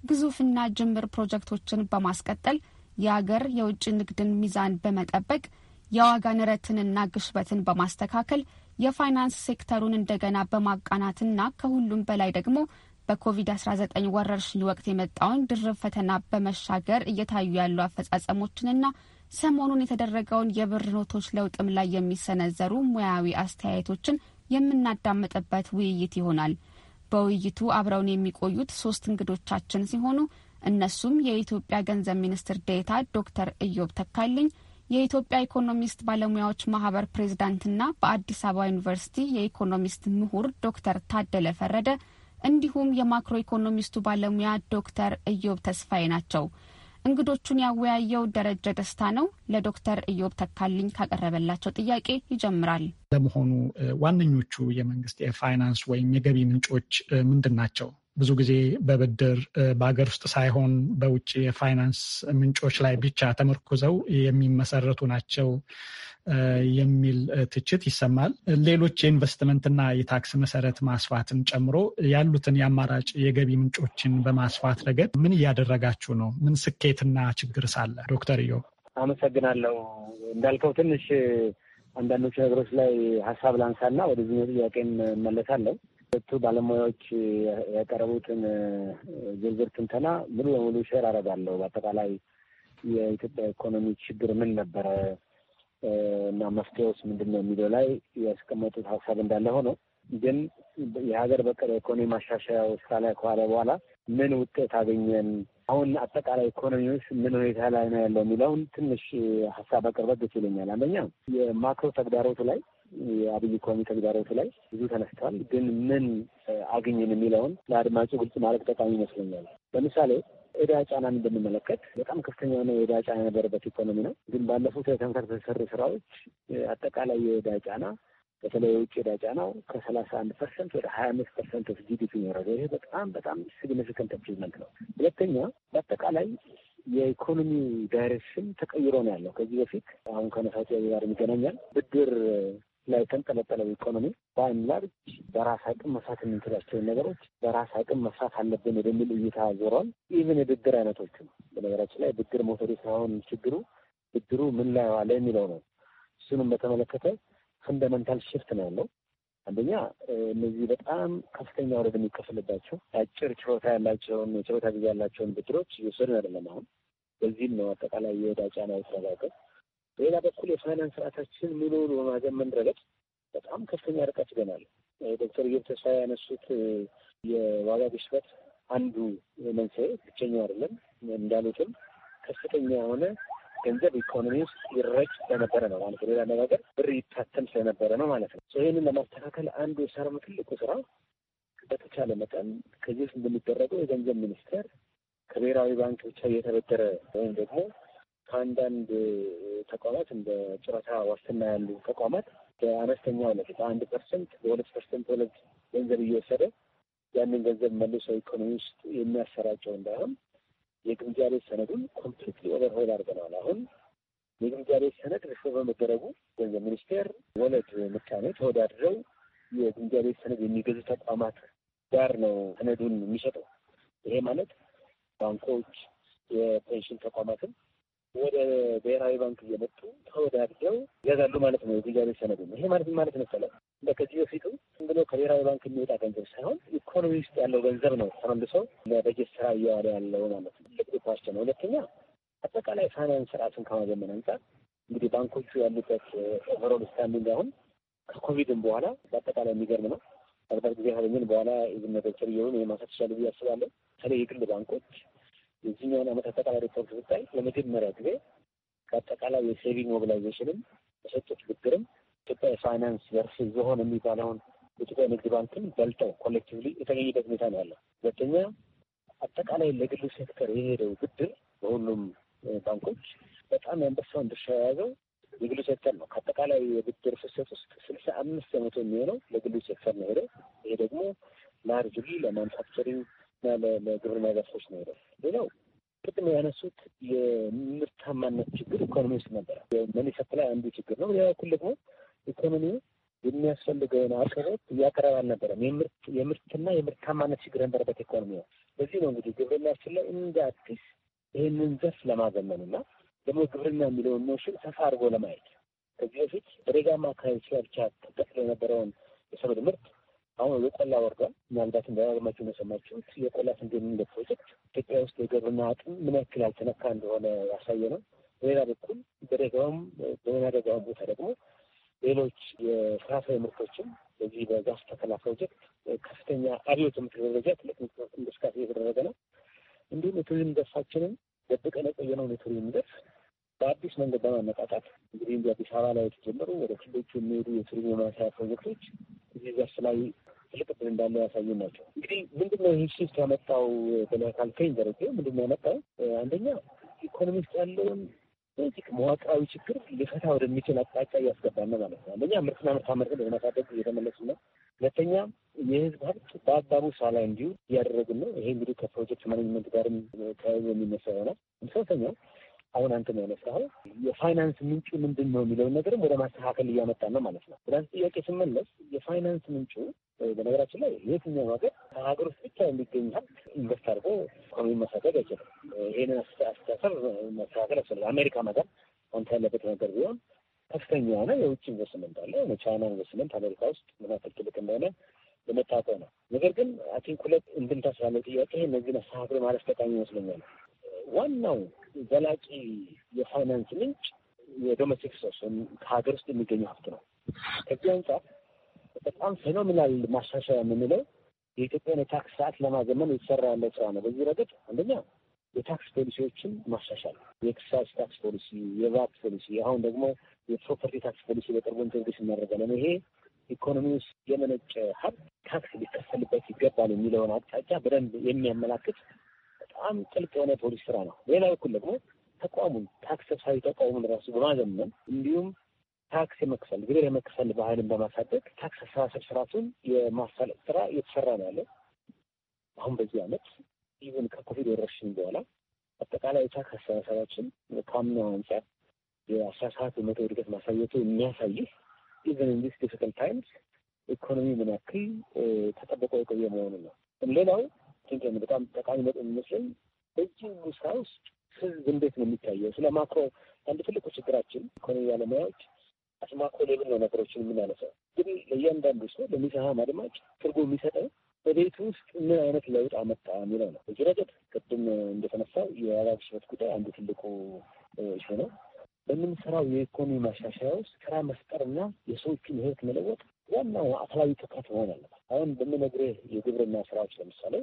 ግዙፍና ጅምር ፕሮጀክቶችን በማስቀጠል የአገር የውጭ ንግድን ሚዛን በመጠበቅ የዋጋ ንረትንና ግሽበትን በማስተካከል የፋይናንስ ሴክተሩን እንደገና በማቃናትና ከሁሉም በላይ ደግሞ በኮቪድ-19 ወረርሽኝ ወቅት የመጣውን ድርብ ፈተና በመሻገር እየታዩ ያሉ አፈጻጸሞችንና ሰሞኑን የተደረገውን የብር ኖቶች ለውጥም ላይ የሚሰነዘሩ ሙያዊ አስተያየቶችን የምናዳምጥበት ውይይት ይሆናል። በውይይቱ አብረውን የሚቆዩት ሶስት እንግዶቻችን ሲሆኑ እነሱም የኢትዮጵያ ገንዘብ ሚኒስትር ዴታ ዶክተር እዮብ ተካልኝ የኢትዮጵያ ኢኮኖሚስት ባለሙያዎች ማህበር ፕሬዝዳንትና በአዲስ አበባ ዩኒቨርሲቲ የኢኮኖሚስት ምሁር ዶክተር ታደለ ፈረደ እንዲሁም የማክሮ ኢኮኖሚስቱ ባለሙያ ዶክተር እዮብ ተስፋዬ ናቸው። እንግዶቹን ያወያየው ደረጀ ደስታ ነው። ለዶክተር ኢዮብ ተካልኝ ካቀረበላቸው ጥያቄ ይጀምራል። ለመሆኑ ዋነኞቹ የመንግስት የፋይናንስ ወይም የገቢ ምንጮች ምንድን ናቸው? ብዙ ጊዜ በብድር በሀገር ውስጥ ሳይሆን በውጭ የፋይናንስ ምንጮች ላይ ብቻ ተመርኩዘው የሚመሰረቱ ናቸው የሚል ትችት ይሰማል። ሌሎች የኢንቨስትመንትና የታክስ መሰረት ማስፋትን ጨምሮ ያሉትን የአማራጭ የገቢ ምንጮችን በማስፋት ረገድ ምን እያደረጋችሁ ነው? ምን ስኬትና ችግር ሳለ? ዶክተር ዮ አመሰግናለሁ። እንዳልከው ትንሽ አንዳንዶቹ ነገሮች ላይ ሀሳብ ላንሳና ወደዚህ ጥያቄ እመለሳለሁ። ሁለቱ ባለሙያዎች ያቀረቡትን ዝርዝር ትንተና ሙሉ በሙሉ ሼር አደርጋለሁ። በአጠቃላይ የኢትዮጵያ ኢኮኖሚ ችግር ምን ነበረ እና መፍትሄውስ ምንድን ነው የሚለው ላይ ያስቀመጡት ሀሳብ እንዳለ ሆኖ ግን የሀገር በቀል ኢኮኖሚ ማሻሻያው ስራ ላይ ከዋለ በኋላ ምን ውጤት አገኘን፣ አሁን አጠቃላይ ኢኮኖሚ ውስጥ ምን ሁኔታ ላይ ነው ያለው የሚለውን ትንሽ ሀሳብ አቅርበት ደስ ይለኛል። አንደኛ የማክሮ ተግዳሮቱ ላይ የአብይ ኢኮኖሚ ተግዳሮቱ ላይ ብዙ ተነስቷል። ግን ምን አገኘን የሚለውን ለአድማጩ ግልጽ ማለት ጠቃሚ ይመስለኛል። ለምሳሌ ዕዳ ጫናን ብንመለከት በጣም ከፍተኛ የሆነ የዕዳ ጫና የነበረበት ኢኮኖሚ ነው። ግን ባለፉት ተንከር የተሰሩ ስራዎች አጠቃላይ የዕዳ ጫና በተለይ የውጭ ዕዳ ጫናው ከሰላሳ አንድ ፐርሰንት ወደ ሀያ አምስት ፐርሰንት ኦፍ ጂዲፒ የወረደ ይሄ በጣም በጣም ሲግኒፊካንት ኢምፕሩቭመንት ነው። ሁለተኛ በአጠቃላይ የኢኮኖሚ ዳይሬክሽን ተቀይሮ ነው ያለው። ከዚህ በፊት አሁን ከነሳቸው ጋር ይገናኛል ብድር ላይ የተንጠለጠለው ኢኮኖሚ በአይን ላርጅ በራስ አቅም መስራት የምንችላቸውን ነገሮች በራስ አቅም መስራት አለብን ወደሚል እይታ ዞሯል። ኢቨን የብድር አይነቶቹ በነገራችን ላይ ብድር መውሰዱ ሳይሆን ችግሩ ብድሩ ምን ላይ ዋለ የሚለው ነው። እሱንም በተመለከተ ፈንደመንታል ሽፍት ነው ያለው። አንደኛ እነዚህ በጣም ከፍተኛ ወረድ የሚከፍልባቸው አጭር ችሎታ ያላቸውን የችሎታ ጊዜ ያላቸውን ብድሮች እየወሰድን አይደለም አሁን። በዚህም ነው አጠቃላይ የወዳጫ ነው የተረጋገጥ በሌላ በኩል የፋይናንስ ስርዓታችን ሙሉ በማዘመን ረገድ በጣም ከፍተኛ ርቀት ይገናል። ዶክተር ኢዮብ ተስፋ ያነሱት የዋጋ ግሽበት አንዱ መንስኤ ብቸኛው አይደለም። እንዳሉትም ከፍተኛ የሆነ ገንዘብ ኢኮኖሚ ውስጥ ይረጭ ስለነበረ ነው ማለት ሌላ አነጋገር ብር ይታተም ስለነበረ ነው ማለት ነው። ይህንን ለማስተካከል አንዱ የሰራው ትልቁ ስራ በተቻለ መጠን ከዚህ ውስጥ እንደሚደረገው የገንዘብ ሚኒስቴር ከብሔራዊ ባንክ ብቻ እየተበደረ ወይም ደግሞ ከአንዳንድ ተቋማት እንደ ጨረታ ዋስትና ያሉ ተቋማት በአነስተኛ ነት በአንድ ፐርሰንት በሁለት ፐርሰንት ሁለት ገንዘብ እየወሰደ ያንን ገንዘብ መልሶ ኢኮኖሚ ውስጥ የሚያሰራጨው እንዳይሆን የግምጃ ቤት ሰነዱን ኮምፕሊት ኦቨርሆል አድርገናል። አሁን የግምጃ ቤት ሰነድ ሪፎ በመደረጉ ገንዘብ ሚኒስቴር ወለድ ምጣኔ ተወዳድረው የግምጃ ቤት ሰነድ የሚገዙ ተቋማት ጋር ነው ሰነዱን የሚሰጠው። ይሄ ማለት ባንኮች፣ የፔንሽን ተቋማትን ወደ ብሔራዊ ባንክ እየመጡ ተወዳድረው ይገዛሉ ማለት ነው። የግንዛቤ ሰነዱ ይሄ ማለት ማለት መሰለህ እንደ ከዚህ በፊቱ ዝም ብሎ ከብሔራዊ ባንክ የሚወጣ ገንዘብ ሳይሆን ኢኮኖሚ ውስጥ ያለው ገንዘብ ነው ተመልሶ ለበጀት ስራ እየዋለ ያለው ማለት ነው። ትልቅ ኳቸው ነው። ሁለተኛ አጠቃላይ ፋይናንስ ስርዓቱን ከማዘመን አንጻር እንግዲህ ባንኮቹ ያሉበት ኦቨሮል ስታንዲንግ አሁን ከኮቪድም በኋላ በአጠቃላይ የሚገርም ነው። አግባር ጊዜ ካገኘን በኋላ የዝነቶችን እየሆኑ የማሳት ይቻሉ ብዬ አስባለሁ። በተለይ የግል ባንኮች የዚህኛውን አመት አጠቃላይ ሪፖርት ስታይ ለመጀመሪያ ጊዜ ከአጠቃላይ የሴቪንግ ሞቢላይዜሽንም የሰጡት ብድርም ኢትዮጵያ የፋይናንስ ዘርፍ ዝሆን የሚባለውን የኢትዮጵያ ንግድ ባንክን በልጠው ኮሌክቲቭሊ የተገኘበት ሁኔታ ነው ያለው። ሁለተኛ አጠቃላይ ለግሉ ሴክተር የሄደው ብድር በሁሉም ባንኮች በጣም የአንበሳውን ድርሻ የያዘው የግሉ ሴክተር ነው። ከአጠቃላይ የብድር ፍሰት ውስጥ ስልሳ አምስት በመቶ የሚሆነው ለግሉ ሴክተር ነው ሄደው። ይሄ ደግሞ ላርጅሊ ለማንፋክቸሪንግ እና ለግብርና ዘርፎች ነው ሌላው ቅድም ያነሱት የምርታማነት ችግር ኢኮኖሚ ውስጥ ነበረ። መኒ ሰፕላይ አንዱ ችግር ነው። ሌላ በኩል ደግሞ ኢኮኖሚ የሚያስፈልገውን አቅርቦት እያቀረበ አልነበረም። የምርትና የምርታማነት ችግር ነበረበት ኢኮኖሚ ነው። በዚህ ነው እንግዲህ ግብርናችን ላይ እንደ አዲስ ይህንን ዘርፍ ለማዘመን እና ደግሞ ግብርና የሚለውን ኖሽን ሰፋ አድርጎ ለማየት ከዚህ በፊት በደጋማ አካባቢ ብቻ ተጠቅሎ የነበረውን የሰብል ምርት አሁን የቆላ ወርዷል። ምናልባት እንደማገማቸው እንደሰማችሁት የቆላ ስንዴ የሚለው ፕሮጀክት ኢትዮጵያ ውስጥ የግብርና አቅም ምን ያክል ያልተነካ እንደሆነ ያሳየ ነው። በሌላ በኩል በደጋውም በወይናደጋውም ቦታ ደግሞ ሌሎች የፍራፍሬ ምርቶችም በዚህ በዛፍ ተከላ ፕሮጀክት ከፍተኛ አብዮት ምክር ደረጃ ትልቅ እንቅስቃሴ እየተደረገ ነው። እንዲሁም የቱሪዝም ዘርፋችንን ደብቀን የቆየነውን የቱሪዝም ደርስ በአዲስ መንገድ በማነቃቃት እንግዲህ እንዲ አዲስ አበባ ላይ የተጀመሩ ወደ ክልሎቹ የሚሄዱ የቱሪዝም የማንሳያ ፕሮጀክቶች እዚህ ዘርፍ ላይ ትልቅ እድል እንዳለ ያሳዩ ናቸው። እንግዲህ ምንድን ነው ይህ ሽፍት ያመጣው ብለህ ካልከኝ ደረጀ፣ ነው ያመጣው? አንደኛ ኢኮኖሚስት ያለውን ቤዚክ መዋቅራዊ ችግር ሊፈታ ወደሚችል አቅጣጫ እያስገባን ነው ማለት ነው። አንደኛ ምርትና ምርታማነትን ለማሳደግ እየተመለሱ ነው። ሁለተኛ የህዝብ ሀብት በአግባቡ ላይ እንዲሁ እያደረግን ነው። ይሄ እንግዲህ ከፕሮጀክት ማኔጅመንት ጋርም ተያይዞ የሚነሳ ይሆናል። ሶስተኛው አሁን አንተ ነው ያነሳኸው የፋይናንስ ምንጩ ምንድን ነው የሚለውን ነገርም ወደ ማስተካከል እያመጣ ነው ማለት ነው። ወደ ጥያቄ ስመለስ የፋይናንስ ምንጩ በነገራችን ላይ የትኛው ሀገር ከሀገር ውስጥ ብቻ የሚገኝ ሀብት ኢንቨስት አድርጎ ኢኮኖሚ ማስተካከል አይችልም። ይህንን አስተሳሰብ መስተካከል ያስፈልጋል። አሜሪካ መጋር አንተ ያለበት ነገር ቢሆን ከፍተኛ የሆነ የውጭ ኢንቨስትመንት አለ። የቻይና ኢንቨስትመንት አሜሪካ ውስጥ ምን ያክል ትልቅ እንደሆነ የመታወቀው ነው። ነገር ግን አይ ቲንክ ሁለት እንድምታ ስላለው ጥያቄ እነዚህ መስተካከል ማለት ጠቃሚ ይመስለኛል። ዋናው ዘላቂ የፋይናንስ ምንጭ የዶሜስቲክ ሶርስ ከሀገር ውስጥ የሚገኙ ሀብት ነው። ከዚህ አንጻር በጣም ፌኖሚናል ማሻሻያ የምንለው የኢትዮጵያን የታክስ ስርዓት ለማዘመን የተሰራ ያለ ስራ ነው። በዚህ ረገድ አንደኛ የታክስ ፖሊሲዎችን ማሻሻል፣ የኤክሳይዝ ታክስ ፖሊሲ፣ የቫት ፖሊሲ፣ አሁን ደግሞ የፕሮፐርቲ ታክስ ፖሊሲ በቅርቡ ኢንትሮዲስ እናደርጋለን። ይሄ ኢኮኖሚ ውስጥ የመነጨ ሀብት ታክስ ሊከፈልበት ይገባል የሚለውን አቅጣጫ በደንብ የሚያመላክት በጣም ጥልቅ የሆነ ፖሊስ ስራ ነው። ሌላ በኩል ደግሞ ተቋሙን ታክስ ሰብሳቢ ተቋሙን ራሱ በማዘመን እንዲሁም ታክስ የመክፈል ግብር የመክፈል ባህልን በማሳደግ ታክስ አሰባሰብ ስርዓቱን የማሳለጥ ስራ እየተሰራ ነው ያለው። አሁን በዚህ አመት ኢቨን ከኮቪድ ወረርሽኝ በኋላ አጠቃላይ የታክስ አሰባሰባችን ከአምናው አንጻር የአስራ ሰባት በመቶ እድገት ማሳየቱ የሚያሳይህ ኢቨን ኢን ዲስ ዲፊካልት ታይምስ ኢኮኖሚ ምን ያክል ተጠብቆ የቆየ መሆኑ ነው። ሌላው ጥገን በጣም ጠቃሚ ነጥብ የሚመስለኝ በዚህ ጉሳ ውስጥ ህዝብ እንዴት ነው የሚታየው? ስለ ማክሮ አንድ ትልቁ ችግራችን ኢኮኖሚ ባለሙያዎች አስማኮ ሌሉ ነው ነገሮችን የምናነሳው። ግን ለእያንዳንዱ ሰው ለሚሰማ አድማጭ ትርጉም የሚሰጠው በቤቱ ውስጥ ምን አይነት ለውጥ አመጣ የሚለው ነው። በዚህ ረገድ ቅድም እንደተነሳው የዋጋ ግሽበት ጉዳይ አንዱ ትልቁ እሱ ነው። በምንሰራው የኢኮኖሚ ማሻሻያ ውስጥ ስራ መፍጠርና የሰዎችን ህይወት መለወጥ ዋናው አካላዊ ትኩረት መሆን አለበት። አሁን በምነግርህ የግብርና ስራዎች ለምሳሌ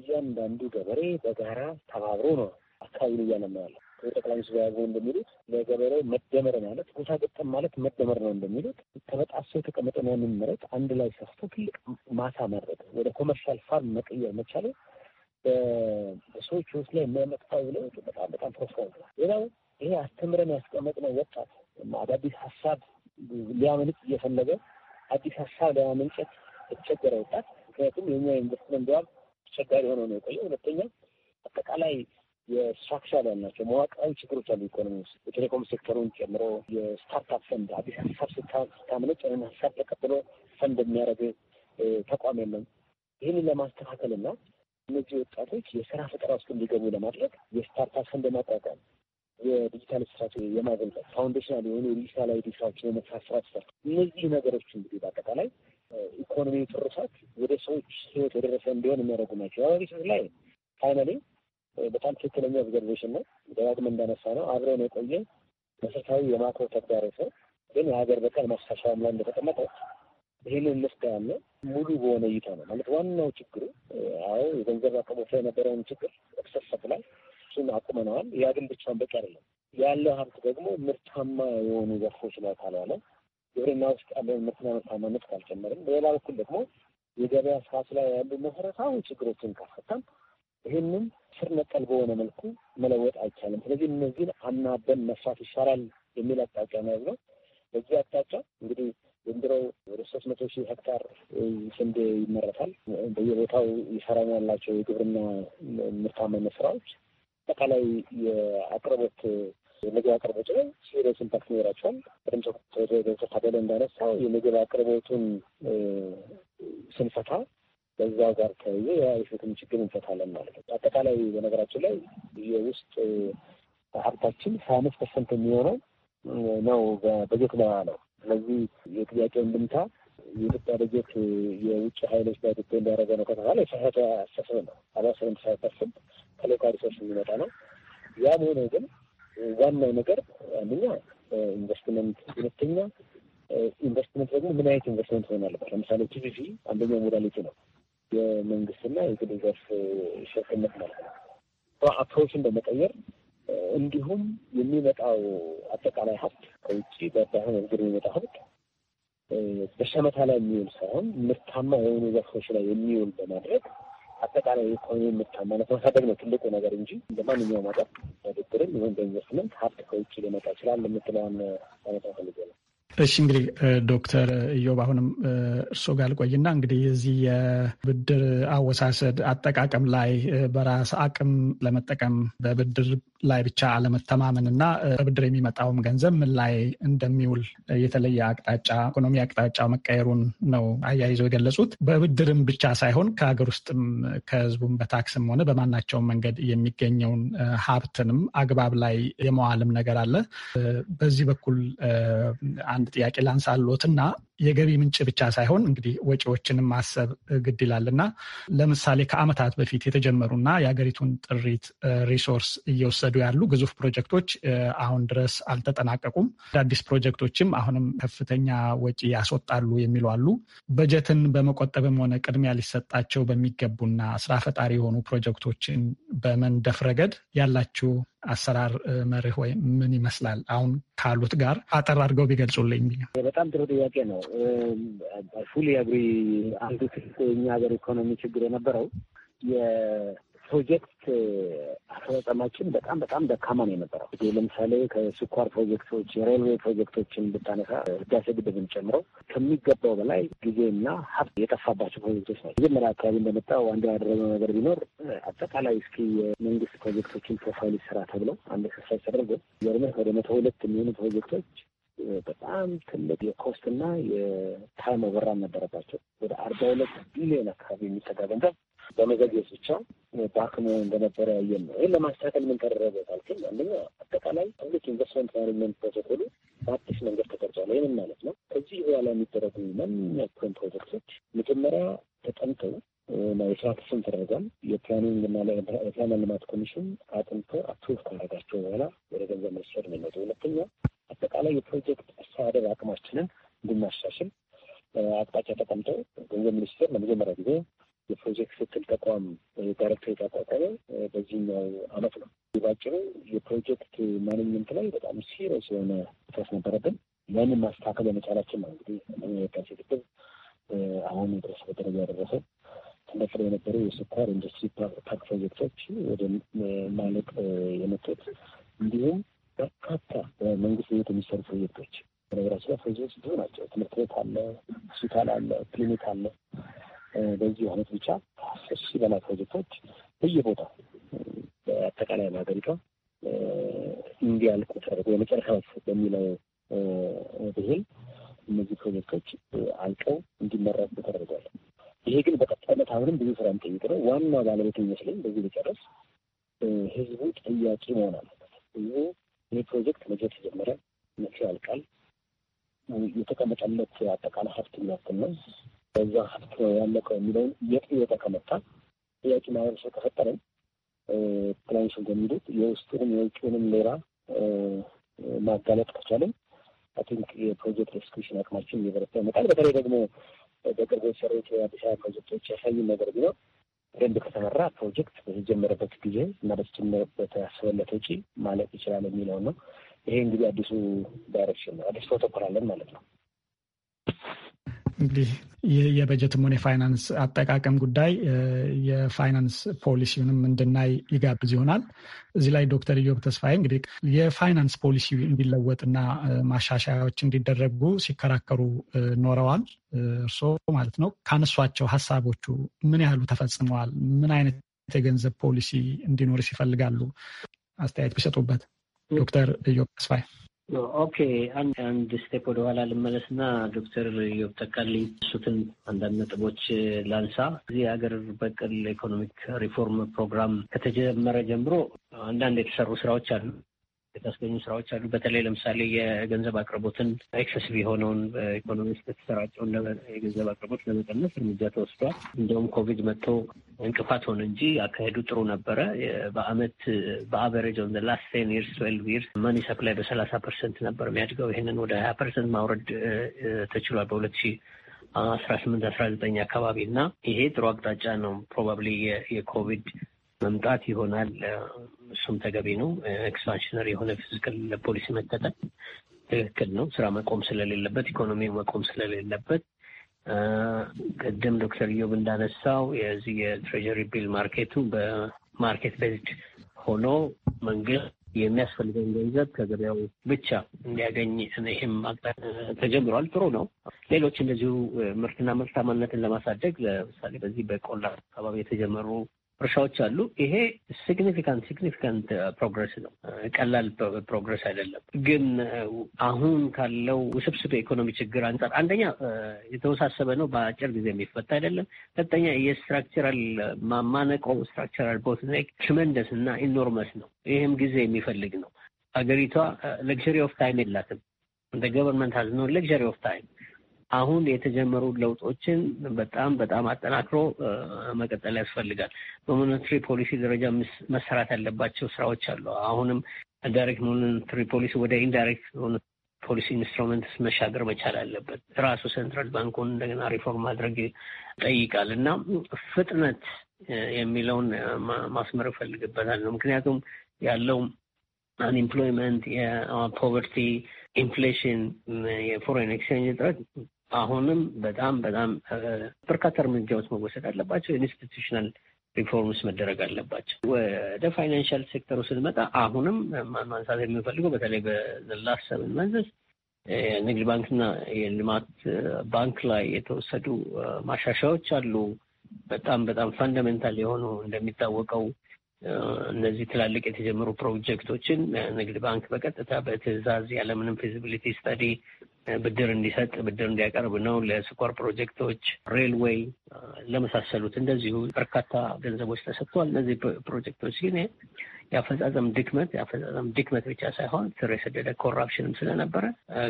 እያንዳንዱ ገበሬ በጋራ ተባብሮ ነው አካባቢውን እያለማ ያለ። ጠቅላይ ሚኒስትር ያዘው እንደሚሉት ለገበሬው መደመር ማለት ጎሳ ገጠም ማለት መደመር ነው እንደሚሉት ተበጣሶ የተቀመጠ ነው የሚመረት አንድ ላይ ሰፍቶ ትልቅ ማሳ ማድረግ ወደ ኮመርሻል ፋርም መቀየር መቻለ በሰዎች ውስጥ ላይ የሚያመጣው ለውጥ በጣም በጣም ፕሮፋውንድ ነው። ሌላው ይሄ አስተምረን ያስቀመጥነው ወጣት አዳዲስ ሀሳብ ሊያመንጭ እየፈለገ አዲስ ሀሳብ ሊያመንጨት የተቸገረ ወጣት ምክንያቱም የኛ ኢንቨስትመንት ዋብ አስቸጋሪ ሆኖ ነው የቆየው። ሁለተኛ አጠቃላይ የስትራክቸር ያላቸው መዋቅራዊ ችግሮች አሉ። ኢኮኖሚ ውስጥ የቴሌኮም ሴክተሩን ጨምሮ የስታርታፕ ፈንድ አዲስ ሀሳብ ስታምነጭ ያንን ሀሳብ ተቀብሎ ፈንድ የሚያደርግ ተቋም የለም። ይህንን ለማስተካከል እና እነዚህ ወጣቶች የስራ ፈጠራ ውስጥ እንዲገቡ ለማድረግ የስታርታፕ ፈንድ ማቋቋም፣ የዲጂታል ስራት የማገልገል ፋውንዴሽናል የሆኑ ሪሳላዊ ዲሳዎችን የመስራት ስራ እነዚህ ነገሮች እንግዲህ በአጠቃላይ ኢኮኖሚ ትሩፋት ወደ ሰዎች ህይወት የደረሰ እንዲሆን የሚያደርጉ ናቸው። አሁን ሪሰርች ላይ ፋይናሊ በጣም ትክክለኛ ኦብዘርቬሽን ነው። ደጋግም እንዳነሳ ነው አብረን የቆየ መሰረታዊ የማክሮ ተግዳሮት ሰው ግን የሀገር በቀል ማሻሻያም ላይ እንደተቀመጠ ይህንን ምስጋ ያለ ሙሉ በሆነ እይታ ነው ማለት ዋናው ችግሩ አዎ የገንዘብ አቅሞት የነበረውን ችግር ኤክሰስ ሰፕላይ እሱን አቁመነዋል። ያ ግን ብቻውን በቂ አይደለም። ያለው ሀብት ደግሞ ምርታማ የሆኑ ዘርፎች ላይ ካልዋለ ግብርና ውስጥ ያለውን መስና መታመነት ካልጨመርም፣ በሌላ በኩል ደግሞ የገበያ ስፋት ላይ ያሉ መሰረታዊ ችግሮችን ካልፈታም ይህንን ስር ነቀል በሆነ መልኩ መለወጥ አይቻልም። ስለዚህ እነዚህን አናበን መስራት ይሻላል የሚል አቅጣጫ መያዝ ነው። በዚህ አቅጣጫ እንግዲህ ዘንድሮ ወደ ሶስት መቶ ሺህ ሄክታር ስንዴ ይመረታል። በየቦታው ይሰራሙ ያላቸው የግብርና ምርታማነት ስራዎች አጠቃላይ የአቅርቦት የምግብ አቅርቦት ላይ ሲሪየስ ኢምፓክት ይኖራቸዋል። ዶክተር ታደለ እንዳነሳው የምግብ አቅርቦቱን ስንፈታ በዛው ጋር ተያይዞ የሴትን ችግር እንፈታለን ማለት ነው። አጠቃላይ በነገራችን ላይ የውስጥ ሀብታችን ሀያ አምስት ፐርሰንት የሚሆነው ነው በጀት ላይ ነው። ስለዚህ የጥያቄ እንድምታ የኢትዮጵያ በጀት የውጭ ኃይሎች በኢትዮጵያ እንዲያደረገ ነው ከተባለ የተሳሳተ አስተሳሰብ ነው። አባ ስምንት ፐርሰንት ከሎካል ሪሶርስ የሚመጣ ነው። ያም ሆነ ግን ዋናው ነገር አንደኛ ኢንቨስትመንት፣ ሁለተኛ ኢንቨስትመንት ደግሞ ምን አይነት ኢንቨስትመንት ሆን አለበት። ለምሳሌ ቲቪሲ አንደኛው ሞዳሊቲ ነው፣ የመንግስትና የግል ዘርፍ ሸርክነት ማለት ነው። አፕሮችን በመቀየር እንዲሁም የሚመጣው አጠቃላይ ሀብት ከውጭ በባህን እግር የሚመጣ ሀብት በሸመታ ላይ የሚውል ሳይሆን ምርታማ የሆኑ ዘርፎች ላይ የሚውል በማድረግ አጠቃላይ ኢኮኖሚ ምርታማነት ማሳደግ ነው ትልቁ ነገር እንጂ ለማንኛውም አጠር በብድርም ወይም በኢንቨስትመንት ሀብት ከውጭ ሊመጣ ይችላል የምትለውን ለመጣ ፈልጌ ነው። እሺ እንግዲህ ዶክተር እዮብ አሁንም እርስዎ ጋር ልቆይና እንግዲህ የዚህ የብድር አወሳሰድ አጠቃቀም ላይ በራስ አቅም ለመጠቀም በብድር ላይ ብቻ አለመተማመን እና በብድር የሚመጣውም ገንዘብ ምን ላይ እንደሚውል የተለየ አቅጣጫ ኢኮኖሚ አቅጣጫ መቀየሩን ነው አያይዘው የገለጹት። በብድርም ብቻ ሳይሆን ከሀገር ውስጥም ከህዝቡም በታክስም ሆነ በማናቸውም መንገድ የሚገኘውን ሀብትንም አግባብ ላይ የመዋልም ነገር አለ። በዚህ በኩል አንድ ጥያቄ ላንስ አሎትና የገቢ ምንጭ ብቻ ሳይሆን እንግዲህ ወጪዎችንም ማሰብ ግድ ይላል እና ለምሳሌ ከዓመታት በፊት የተጀመሩና የሀገሪቱን ጥሪት ሪሶርስ እየወሰዱ ያሉ ግዙፍ ፕሮጀክቶች አሁን ድረስ አልተጠናቀቁም። አዳዲስ ፕሮጀክቶችም አሁንም ከፍተኛ ወጪ ያስወጣሉ የሚሉ አሉ። በጀትን በመቆጠብም ሆነ ቅድሚያ ሊሰጣቸው በሚገቡና ስራ ፈጣሪ የሆኑ ፕሮጀክቶችን በመንደፍ ረገድ ያላችሁ አሰራር መርህ ወይም ምን ይመስላል? አሁን ካሉት ጋር አጠር አድርገው ቢገልጹልኝ። በጣም ጥሩ ጥያቄ ነው። ፉሊ አግሪ። አንዱ ትልቅ የኛ ሀገር ኢኮኖሚ ችግር የነበረው የፕሮጀክት አፈጻጸማችን በጣም በጣም ደካማ ነው የነበረው። ለምሳሌ ከስኳር ፕሮጀክቶች፣ የሬልዌይ ፕሮጀክቶችን ብታነሳ ህዳሴ ግድብን ጨምረው ከሚገባው በላይ ጊዜና ሀብት የጠፋባቸው ፕሮጀክቶች ናቸው። መጀመሪያ አካባቢ እንደመጣው አንዱ ያደረገው ነገር ቢኖር አጠቃላይ እስኪ የመንግስት ፕሮጀክቶችን ፕሮፋይል ስራ ተብለው አንድ ክሳይ ተደርጎ ጀርመን ወደ መቶ ሁለት የሚሆኑ ፕሮጀክቶች በጣም ትልቅ የኮስት እና የታይም ኦቨርራን ነበረባቸው። ወደ አርባ ሁለት ቢሊዮን አካባቢ የሚጠጋ ገንዘብ በመዘግየት ብቻ ባክሞ እንደነበረ ያየን ነው። ይህን ለማስተካከል ምን ተደረገ ካልክም፣ አንደኛ አጠቃላይ ፐብሊክ ኢንቨስትመንት ማኔጅመንት ፕሮቶኮሉ በአዲስ መንገድ ተቀርጿል። ይህም ማለት ነው ከዚህ በኋላ የሚደረጉ ማንኛቸውን ፕሮጀክቶች መጀመሪያ ተጠንተው ነው የስራ ክፍል ተደርጓል። የፕላኒንግ እና የፕላንና ልማት ኮሚሽን አጥንቶ አፕሩቭ ካደረጋቸው በኋላ ወደ ገንዘብ ሚኒስቴር ነው የሚመጡ። ሁለተኛ አጠቃላይ የፕሮጀክት አስተዳደር አቅማችንን እንድናሻሽል አቅጣጫ ተቀምጦ ገንዘብ ሚኒስቴር ለመጀመሪያ ጊዜ የፕሮጀክት ስትል ተቋም ዳይሬክተር የተቋቋመ በዚህኛው አመት ነው። ባጭሩ የፕሮጀክት ማኔጅመንት ላይ በጣም ሲሪየስ የሆነ ፍረስ ነበረብን። ያንን ማስተካከል የመቻላችን ነው እንግዲህ የህዳሴ ግድብ አሁን የደረሰበት ደረጃ ያደረሰው ተነጥለው የነበሩ የስኳር ኢንዱስትሪ ፓርክ ፕሮጀክቶች ወደ ማለቅ የመጡት እንዲሁም በርካታ በመንግስት ቤት የሚሰሩ ፕሮጀክቶች በነገራችን ላይ ፕሮጀክቶች ብዙ ናቸው። ትምህርት ቤት አለ፣ ሆስፒታል አለ፣ ክሊኒክ አለ። በዚህ አመት ብቻ ከአስር ሺህ በላይ ፕሮጀክቶች በየቦታ በአጠቃላይ ሀገሪቷ እንዲያልቁ ተደርጎ የመጨረሻው በሚለው ብሄል እነዚህ ፕሮጀክቶች አልቀው እንዲመረቁ ተደርጓል። ይሄ ግን በቀጣይነት አሁንም ብዙ ስራ የሚጠይቅ ነው። ዋና ባለቤት የሚመስለኝ በዚህ ሊጨረስ ህዝቡ ጠያቂ መሆን አለበት። ህዝቡ ይህ ፕሮጀክት መቼ ተጀመረ? መቼ ያልቃል? የተቀመጠለት አጠቃላይ ሀብት የሚያክል ነው። በዛ ሀብት ያለቀው የሚለውን የት ከመጣ ጥያቄ ማህበረሰብ ከፈጠረን ፕላንሽ እንደሚሉት የውስጡንም የውጭውንም ሌላ ማጋለጥ ከቻለን አይ ቲንክ የፕሮጀክት ኤክስኪዩሽን አቅማችን እየበረታ ይመጣል። በተለይ ደግሞ በቅርቡ የሰሩት የአዲስ አበባ ፕሮጀክቶች ያሳዩን ነገር ቢኖር በደንብ ከተመራ ፕሮጀክት በተጀመረበት ጊዜ እና በተሰበለት ውጪ ማለቅ ይችላል የሚለውን ነው። ይሄ እንግዲህ አዲሱ ዳይሬክሽን ነው። አዲስ ፕሮቶኮል አለን ማለት ነው። እንግዲህ ይህ የበጀትም ሆነ የፋይናንስ አጠቃቀም ጉዳይ የፋይናንስ ፖሊሲውንም እንድናይ ይጋብዝ ይሆናል። እዚህ ላይ ዶክተር ኢዮብ ተስፋዬ እንግዲህ የፋይናንስ ፖሊሲ እንዲለወጥና ማሻሻያዎች እንዲደረጉ ሲከራከሩ ኖረዋል። እርስዎ ማለት ነው ካነሷቸው ሀሳቦቹ ምን ያህሉ ተፈጽመዋል? ምን አይነት የገንዘብ ፖሊሲ እንዲኖርስ ይፈልጋሉ? አስተያየት ቢሰጡበት ዶክተር ኢዮብ ተስፋዬ ኦኬ አንድ አንድ ስቴፕ ወደ ወደኋላ ልመለስና ዶክተር ዮብ ተካልኝ እሱትን አንዳንድ ነጥቦች ላንሳ። እዚህ ሀገር በቀል ኢኮኖሚክ ሪፎርም ፕሮግራም ከተጀመረ ጀምሮ አንዳንድ የተሰሩ ስራዎች አሉ። የሚያስገኙ ስራዎች አሉ። በተለይ ለምሳሌ የገንዘብ አቅርቦትን ኤክሰሲቭ የሆነውን በኢኮኖሚ ውስጥ የተሰራጨውን የገንዘብ አቅርቦት ለመቀነስ እርምጃ ተወስዷል። እንደውም ኮቪድ መጥቶ እንቅፋት ሆነ እንጂ አካሄዱ ጥሩ ነበረ። በአመት በአቨሬጅ ኦን ላስት ቴን ይርስ ትዌልቭ ይርስ መኒ ሰፕላይ በሰላሳ ፐርሰንት ነበር የሚያድገው ይህንን ወደ ሀያ ፐርሰንት ማውረድ ተችሏል በሁለት ሺህ አስራ ስምንት አስራ ዘጠኝ አካባቢ እና ይሄ ጥሩ አቅጣጫ ነው። ፕሮባብሊ የኮቪድ መምጣት ይሆናል። እሱም ተገቢ ነው። ኤክስፓንሽነር የሆነ ፊዚካል ፖሊሲ መከተል ትክክል ነው። ስራ መቆም ስለሌለበት፣ ኢኮኖሚ መቆም ስለሌለበት ቅድም ዶክተር ዮብ እንዳነሳው የዚህ የትሬጀሪ ቢል ማርኬቱ በማርኬት ቤዝድ ሆኖ መንግስት የሚያስፈልገውን ገንዘብ ከገበያው ብቻ እንዲያገኝ ይህም ማቅጣት ተጀምሯል። ጥሩ ነው። ሌሎች እንደዚሁ ምርትና ምርታማነትን ለማሳደግ ለምሳሌ በዚህ በቆላ አካባቢ የተጀመሩ እርሻዎች አሉ። ይሄ ሲግኒፊካንት ሲግኒፊካንት ፕሮግረስ ነው። uh, ቀላል ፕሮግረስ አይደለም። ግን uh, አሁን ካለው ውስብስብ የኢኮኖሚ ችግር አንጻር አንደኛ uh, የተወሳሰበ ነው፣ በአጭር ጊዜ የሚፈታ አይደለም። ሁለተኛ የስትራክቸራል ማነቆ ስትራክቸራል ቦትኔክ ትሪመንደስ እና ኢኖርመስ ነው። ይህም ጊዜ የሚፈልግ ነው። ሀገሪቷ ለግዠሪ ኦፍ ታይም የላትም። እንደ ገቨርንመንት ሀዝ ኖ ለግዠሪ ኦፍ ታይም አሁን የተጀመሩ ለውጦችን በጣም በጣም አጠናክሮ መቀጠል ያስፈልጋል። በሞኔትሪ ፖሊሲ ደረጃ መሰራት ያለባቸው ስራዎች አሉ። አሁንም ዳይሬክት ሞኔታሪ ፖሊሲ ወደ ኢንዳይሬክት ፖሊሲ ኢንስትሩመንትስ መሻገር መቻል አለበት። ራሱ ሴንትራል ባንኩን እንደገና ሪፎርም ማድረግ ጠይቃል እና ፍጥነት የሚለውን ማስመር ነው ምክንያቱም ያለው አንኤምፕሎይመንት፣ የፖቨርቲ፣ ኢንፍሌሽን፣ የፎሬን ኤክስቼንጅ እጥረት አሁንም በጣም በጣም በርካታ እርምጃዎች መወሰድ አለባቸው። ኢንስቲቱሽናል ሪፎርምስ መደረግ አለባቸው። ወደ ፋይናንሻል ሴክተሩ ስንመጣ አሁንም ማንሳት የምንፈልገው በተለይ በዘላስ ሰብን መንዘስ የንግድ ባንክና የልማት ባንክ ላይ የተወሰዱ ማሻሻዎች አሉ። በጣም በጣም ፋንዳሜንታል የሆኑ እንደሚታወቀው እነዚህ ትላልቅ የተጀመሩ ፕሮጀክቶችን ንግድ ባንክ በቀጥታ በትዕዛዝ ያለምንም ፊዚቢሊቲ ስተዲ ብድር እንዲሰጥ ብድር እንዲያቀርብ ነው። ለስኳር ፕሮጀክቶች፣ ሬልዌይ ለመሳሰሉት እንደዚሁ በርካታ ገንዘቦች ተሰጥተዋል። እነዚህ ፕሮጀክቶች ግን የአፈጻጸም ድክመት የአፈጻጸም ድክመት ብቻ ሳይሆን ስር የሰደደ ኮራፕሽንም ስለነበረ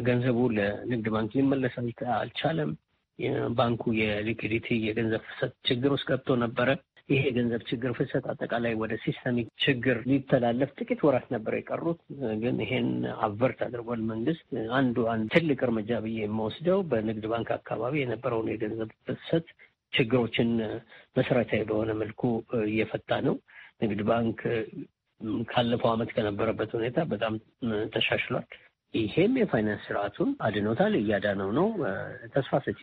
ገንዘቡ ለንግድ ባንክ ሊመለስ አልቻለም። ባንኩ የሊኩዲቲ የገንዘብ ፍሰት ችግር ውስጥ ገብቶ ነበረ። ይሄ የገንዘብ ችግር ፍሰት አጠቃላይ ወደ ሲስተሚክ ችግር ሊተላለፍ ጥቂት ወራት ነበር የቀሩት። ግን ይሄን አቨርት አድርጓል መንግስት። አንዱ አንድ ትልቅ እርምጃ ብዬ የምወስደው በንግድ ባንክ አካባቢ የነበረውን የገንዘብ ፍሰት ችግሮችን መሰረታዊ በሆነ መልኩ እየፈታ ነው። ንግድ ባንክ ካለፈው ዓመት ከነበረበት ሁኔታ በጣም ተሻሽሏል። ይሄም የፋይናንስ ስርዓቱን አድኖታል፣ እያዳነው ነው። ተስፋ ሰጪ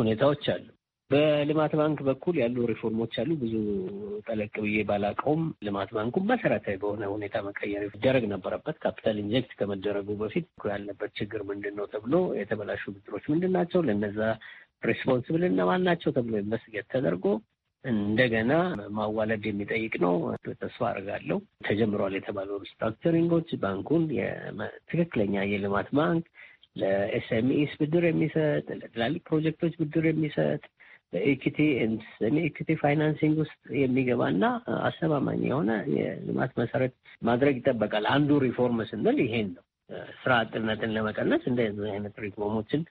ሁኔታዎች አሉ። በልማት ባንክ በኩል ያሉ ሪፎርሞች አሉ። ብዙ ጠለቅ ብዬ ባላቀውም ልማት ባንኩ መሰረታዊ በሆነ ሁኔታ መቀየር ይደረግ ነበረበት። ካፒታል ኢንጀክት ከመደረጉ በፊት ያለበት ችግር ምንድን ነው ተብሎ የተበላሹ ብድሮች ምንድን ናቸው፣ ለነዛ ሬስፖንስብል እነማን ናቸው ተብሎ ኢንቨስቲጌት ተደርጎ እንደገና ማዋለድ የሚጠይቅ ነው። ተስፋ አድርጋለሁ ተጀምሯል የተባሉ ሪስትራክቸሪንጎች ባንኩን ትክክለኛ የልማት ባንክ ለኤስኤምኢስ ብድር የሚሰጥ ለትላልቅ ፕሮጀክቶች ብድር የሚሰጥ በኢኪቲ ኢኪቲ ፋይናንሲንግ ውስጥ የሚገባና አስተማማኝ የሆነ የልማት መሰረት ማድረግ ይጠበቃል። አንዱ ሪፎርም ስንል ይሄን ነው። ስራ አጥነትን ለመቀነስ እንደዚህ አይነት ሪፎርሞችን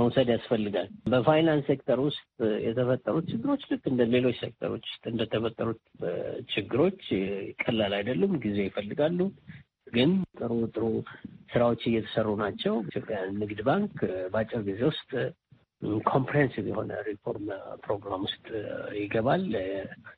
መውሰድ ያስፈልጋል። በፋይናንስ ሴክተር ውስጥ የተፈጠሩት ችግሮች ልክ እንደ ሌሎች ሴክተሮች ውስጥ እንደተፈጠሩት ችግሮች ቀላል አይደሉም፣ ጊዜ ይፈልጋሉ። ግን ጥሩ ጥሩ ስራዎች እየተሰሩ ናቸው። ኢትዮጵያ ንግድ ባንክ በአጭር ጊዜ ውስጥ ኮምፕሬንሲቭ የሆነ ሪፎርም ፕሮግራም ውስጥ ይገባል፣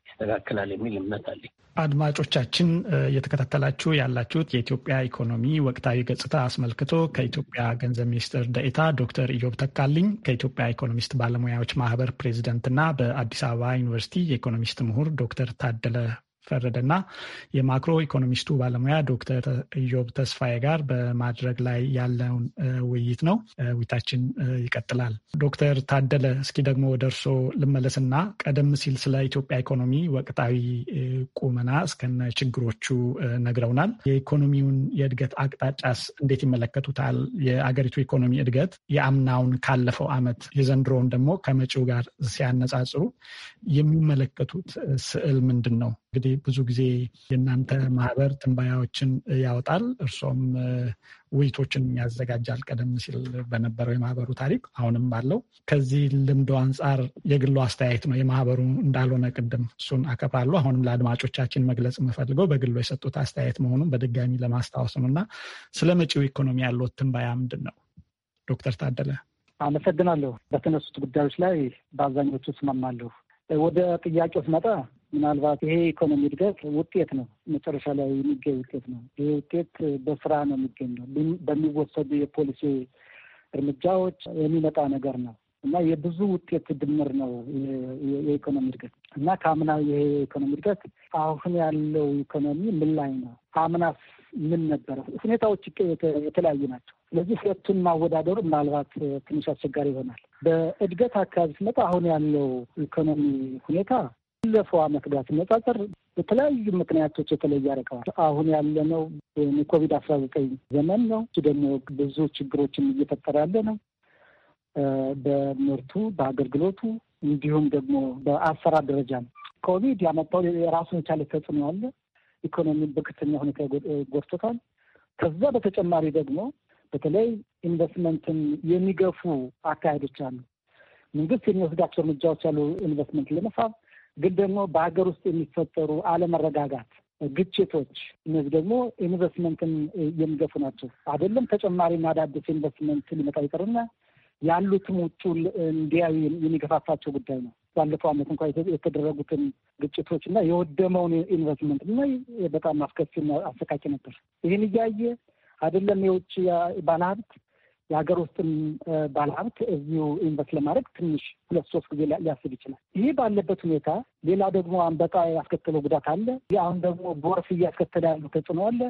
ይስተካከላል የሚል እምነት አለኝ። አድማጮቻችን እየተከታተላችሁ ያላችሁት የኢትዮጵያ ኢኮኖሚ ወቅታዊ ገጽታ አስመልክቶ ከኢትዮጵያ ገንዘብ ሚኒስትር ደኤታ ዶክተር ኢዮብ ተካልኝ ከኢትዮጵያ ኢኮኖሚስት ባለሙያዎች ማህበር ፕሬዚደንትና በአዲስ አበባ ዩኒቨርሲቲ የኢኮኖሚስት ምሁር ዶክተር ታደለ ፈረደና የማክሮ ኢኮኖሚስቱ ባለሙያ ዶክተር ኢዮብ ተስፋዬ ጋር በማድረግ ላይ ያለውን ውይይት ነው። ውይይታችን ይቀጥላል። ዶክተር ታደለ እስኪ ደግሞ ወደ እርሶ ልመለስና ቀደም ሲል ስለ ኢትዮጵያ ኢኮኖሚ ወቅታዊ ቁመና እስከነ ችግሮቹ ነግረውናል። የኢኮኖሚውን የእድገት አቅጣጫስ እንዴት ይመለከቱታል? የአገሪቱ ኢኮኖሚ እድገት የአምናውን ካለፈው ዓመት የዘንድሮውን ደግሞ ከመጪው ጋር ሲያነጻጽሩ የሚመለከቱት ስዕል ምንድን ነው? እንግዲህ ብዙ ጊዜ የእናንተ ማህበር ትንባያዎችን ያወጣል፣ እርሶም ውይይቶችን ያዘጋጃል። ቀደም ሲል በነበረው የማህበሩ ታሪክ አሁንም ባለው ከዚህ ልምዶ አንጻር የግሎ አስተያየት ነው የማህበሩ እንዳልሆነ ቅድም እሱን አከብራለሁ። አሁንም ለአድማጮቻችን መግለጽ የምፈልገው በግሎ የሰጡት አስተያየት መሆኑን በድጋሚ ለማስታወስ ነው እና ስለ መጪው ኢኮኖሚ ያለት ትንባያ ምንድን ነው? ዶክተር ታደለ አመሰግናለሁ። በተነሱት ጉዳዮች ላይ በአብዛኞቹ እስማማለሁ። ወደ ጥያቄው ስመጣ ምናልባት ይሄ ኢኮኖሚ እድገት ውጤት ነው፣ መጨረሻ ላይ የሚገኝ ውጤት ነው። ይሄ ውጤት በስራ ነው የሚገኘው፣ በሚወሰዱ የፖሊሲ እርምጃዎች የሚመጣ ነገር ነው እና የብዙ ውጤት ድምር ነው የኢኮኖሚ እድገት እና ከአምናው ይሄ የኢኮኖሚ እድገት አሁን ያለው ኢኮኖሚ ምን ላይ ነው? አምናስ ምን ነበረ? ሁኔታዎች የተለያዩ ናቸው። ስለዚህ ሁለቱን ማወዳደሩ ምናልባት ትንሽ አስቸጋሪ ይሆናል። በእድገት አካባቢ ስመጣ አሁን ያለው ኢኮኖሚ ሁኔታ ባለፈው ዓመት ጋር ሲነጻጸር በተለያዩ ምክንያቶች የተለየ ያደርገዋል። አሁን ያለነው የኮቪድ አስራ ዘጠኝ ዘመን ነው። ደግሞ ብዙ ችግሮችን እየፈጠረ ያለ ነው በምርቱ በአገልግሎቱ እንዲሁም ደግሞ በአሰራር ደረጃ ነው። ኮቪድ ያመጣው የራሱን የቻለ ተጽዕኖ አለ። ኢኮኖሚን በከፍተኛ ሁኔታ ጎድቶታል። ከዛ በተጨማሪ ደግሞ በተለይ ኢንቨስትመንትን የሚገፉ አካሄዶች አሉ። መንግስት የሚወስዳቸው እርምጃዎች ያሉ ኢንቨስትመንት ለመሳብ ግን ደግሞ በሀገር ውስጥ የሚፈጠሩ አለመረጋጋት፣ ግጭቶች እነዚህ ደግሞ ኢንቨስትመንትን የሚገፉ ናቸው። አይደለም ተጨማሪና አዳዲስ ኢንቨስትመንት ሊመጣ ይቅርና ያሉትም ውጩ እንዲያዩ የሚገፋፋቸው ጉዳይ ነው። ባለፈው ዓመት እንኳ የተደረጉትን ግጭቶች እና የወደመውን ኢንቨስትመንት በጣም አስከፊ አሰቃቂ ነበር። ይህን እያየ አይደለም የውጭ ባለሀብት የሀገር ውስጥም ባለሀብት እዚሁ ኢንቨስት ለማድረግ ትንሽ ሁለት ሶስት ጊዜ ሊያስብ ይችላል። ይህ ባለበት ሁኔታ ሌላ ደግሞ አንበጣ ያስከተለው ጉዳት አለ። አሁን ደግሞ ጎርፍ እያስከተለ ያሉ ተጽዕኖ አለ።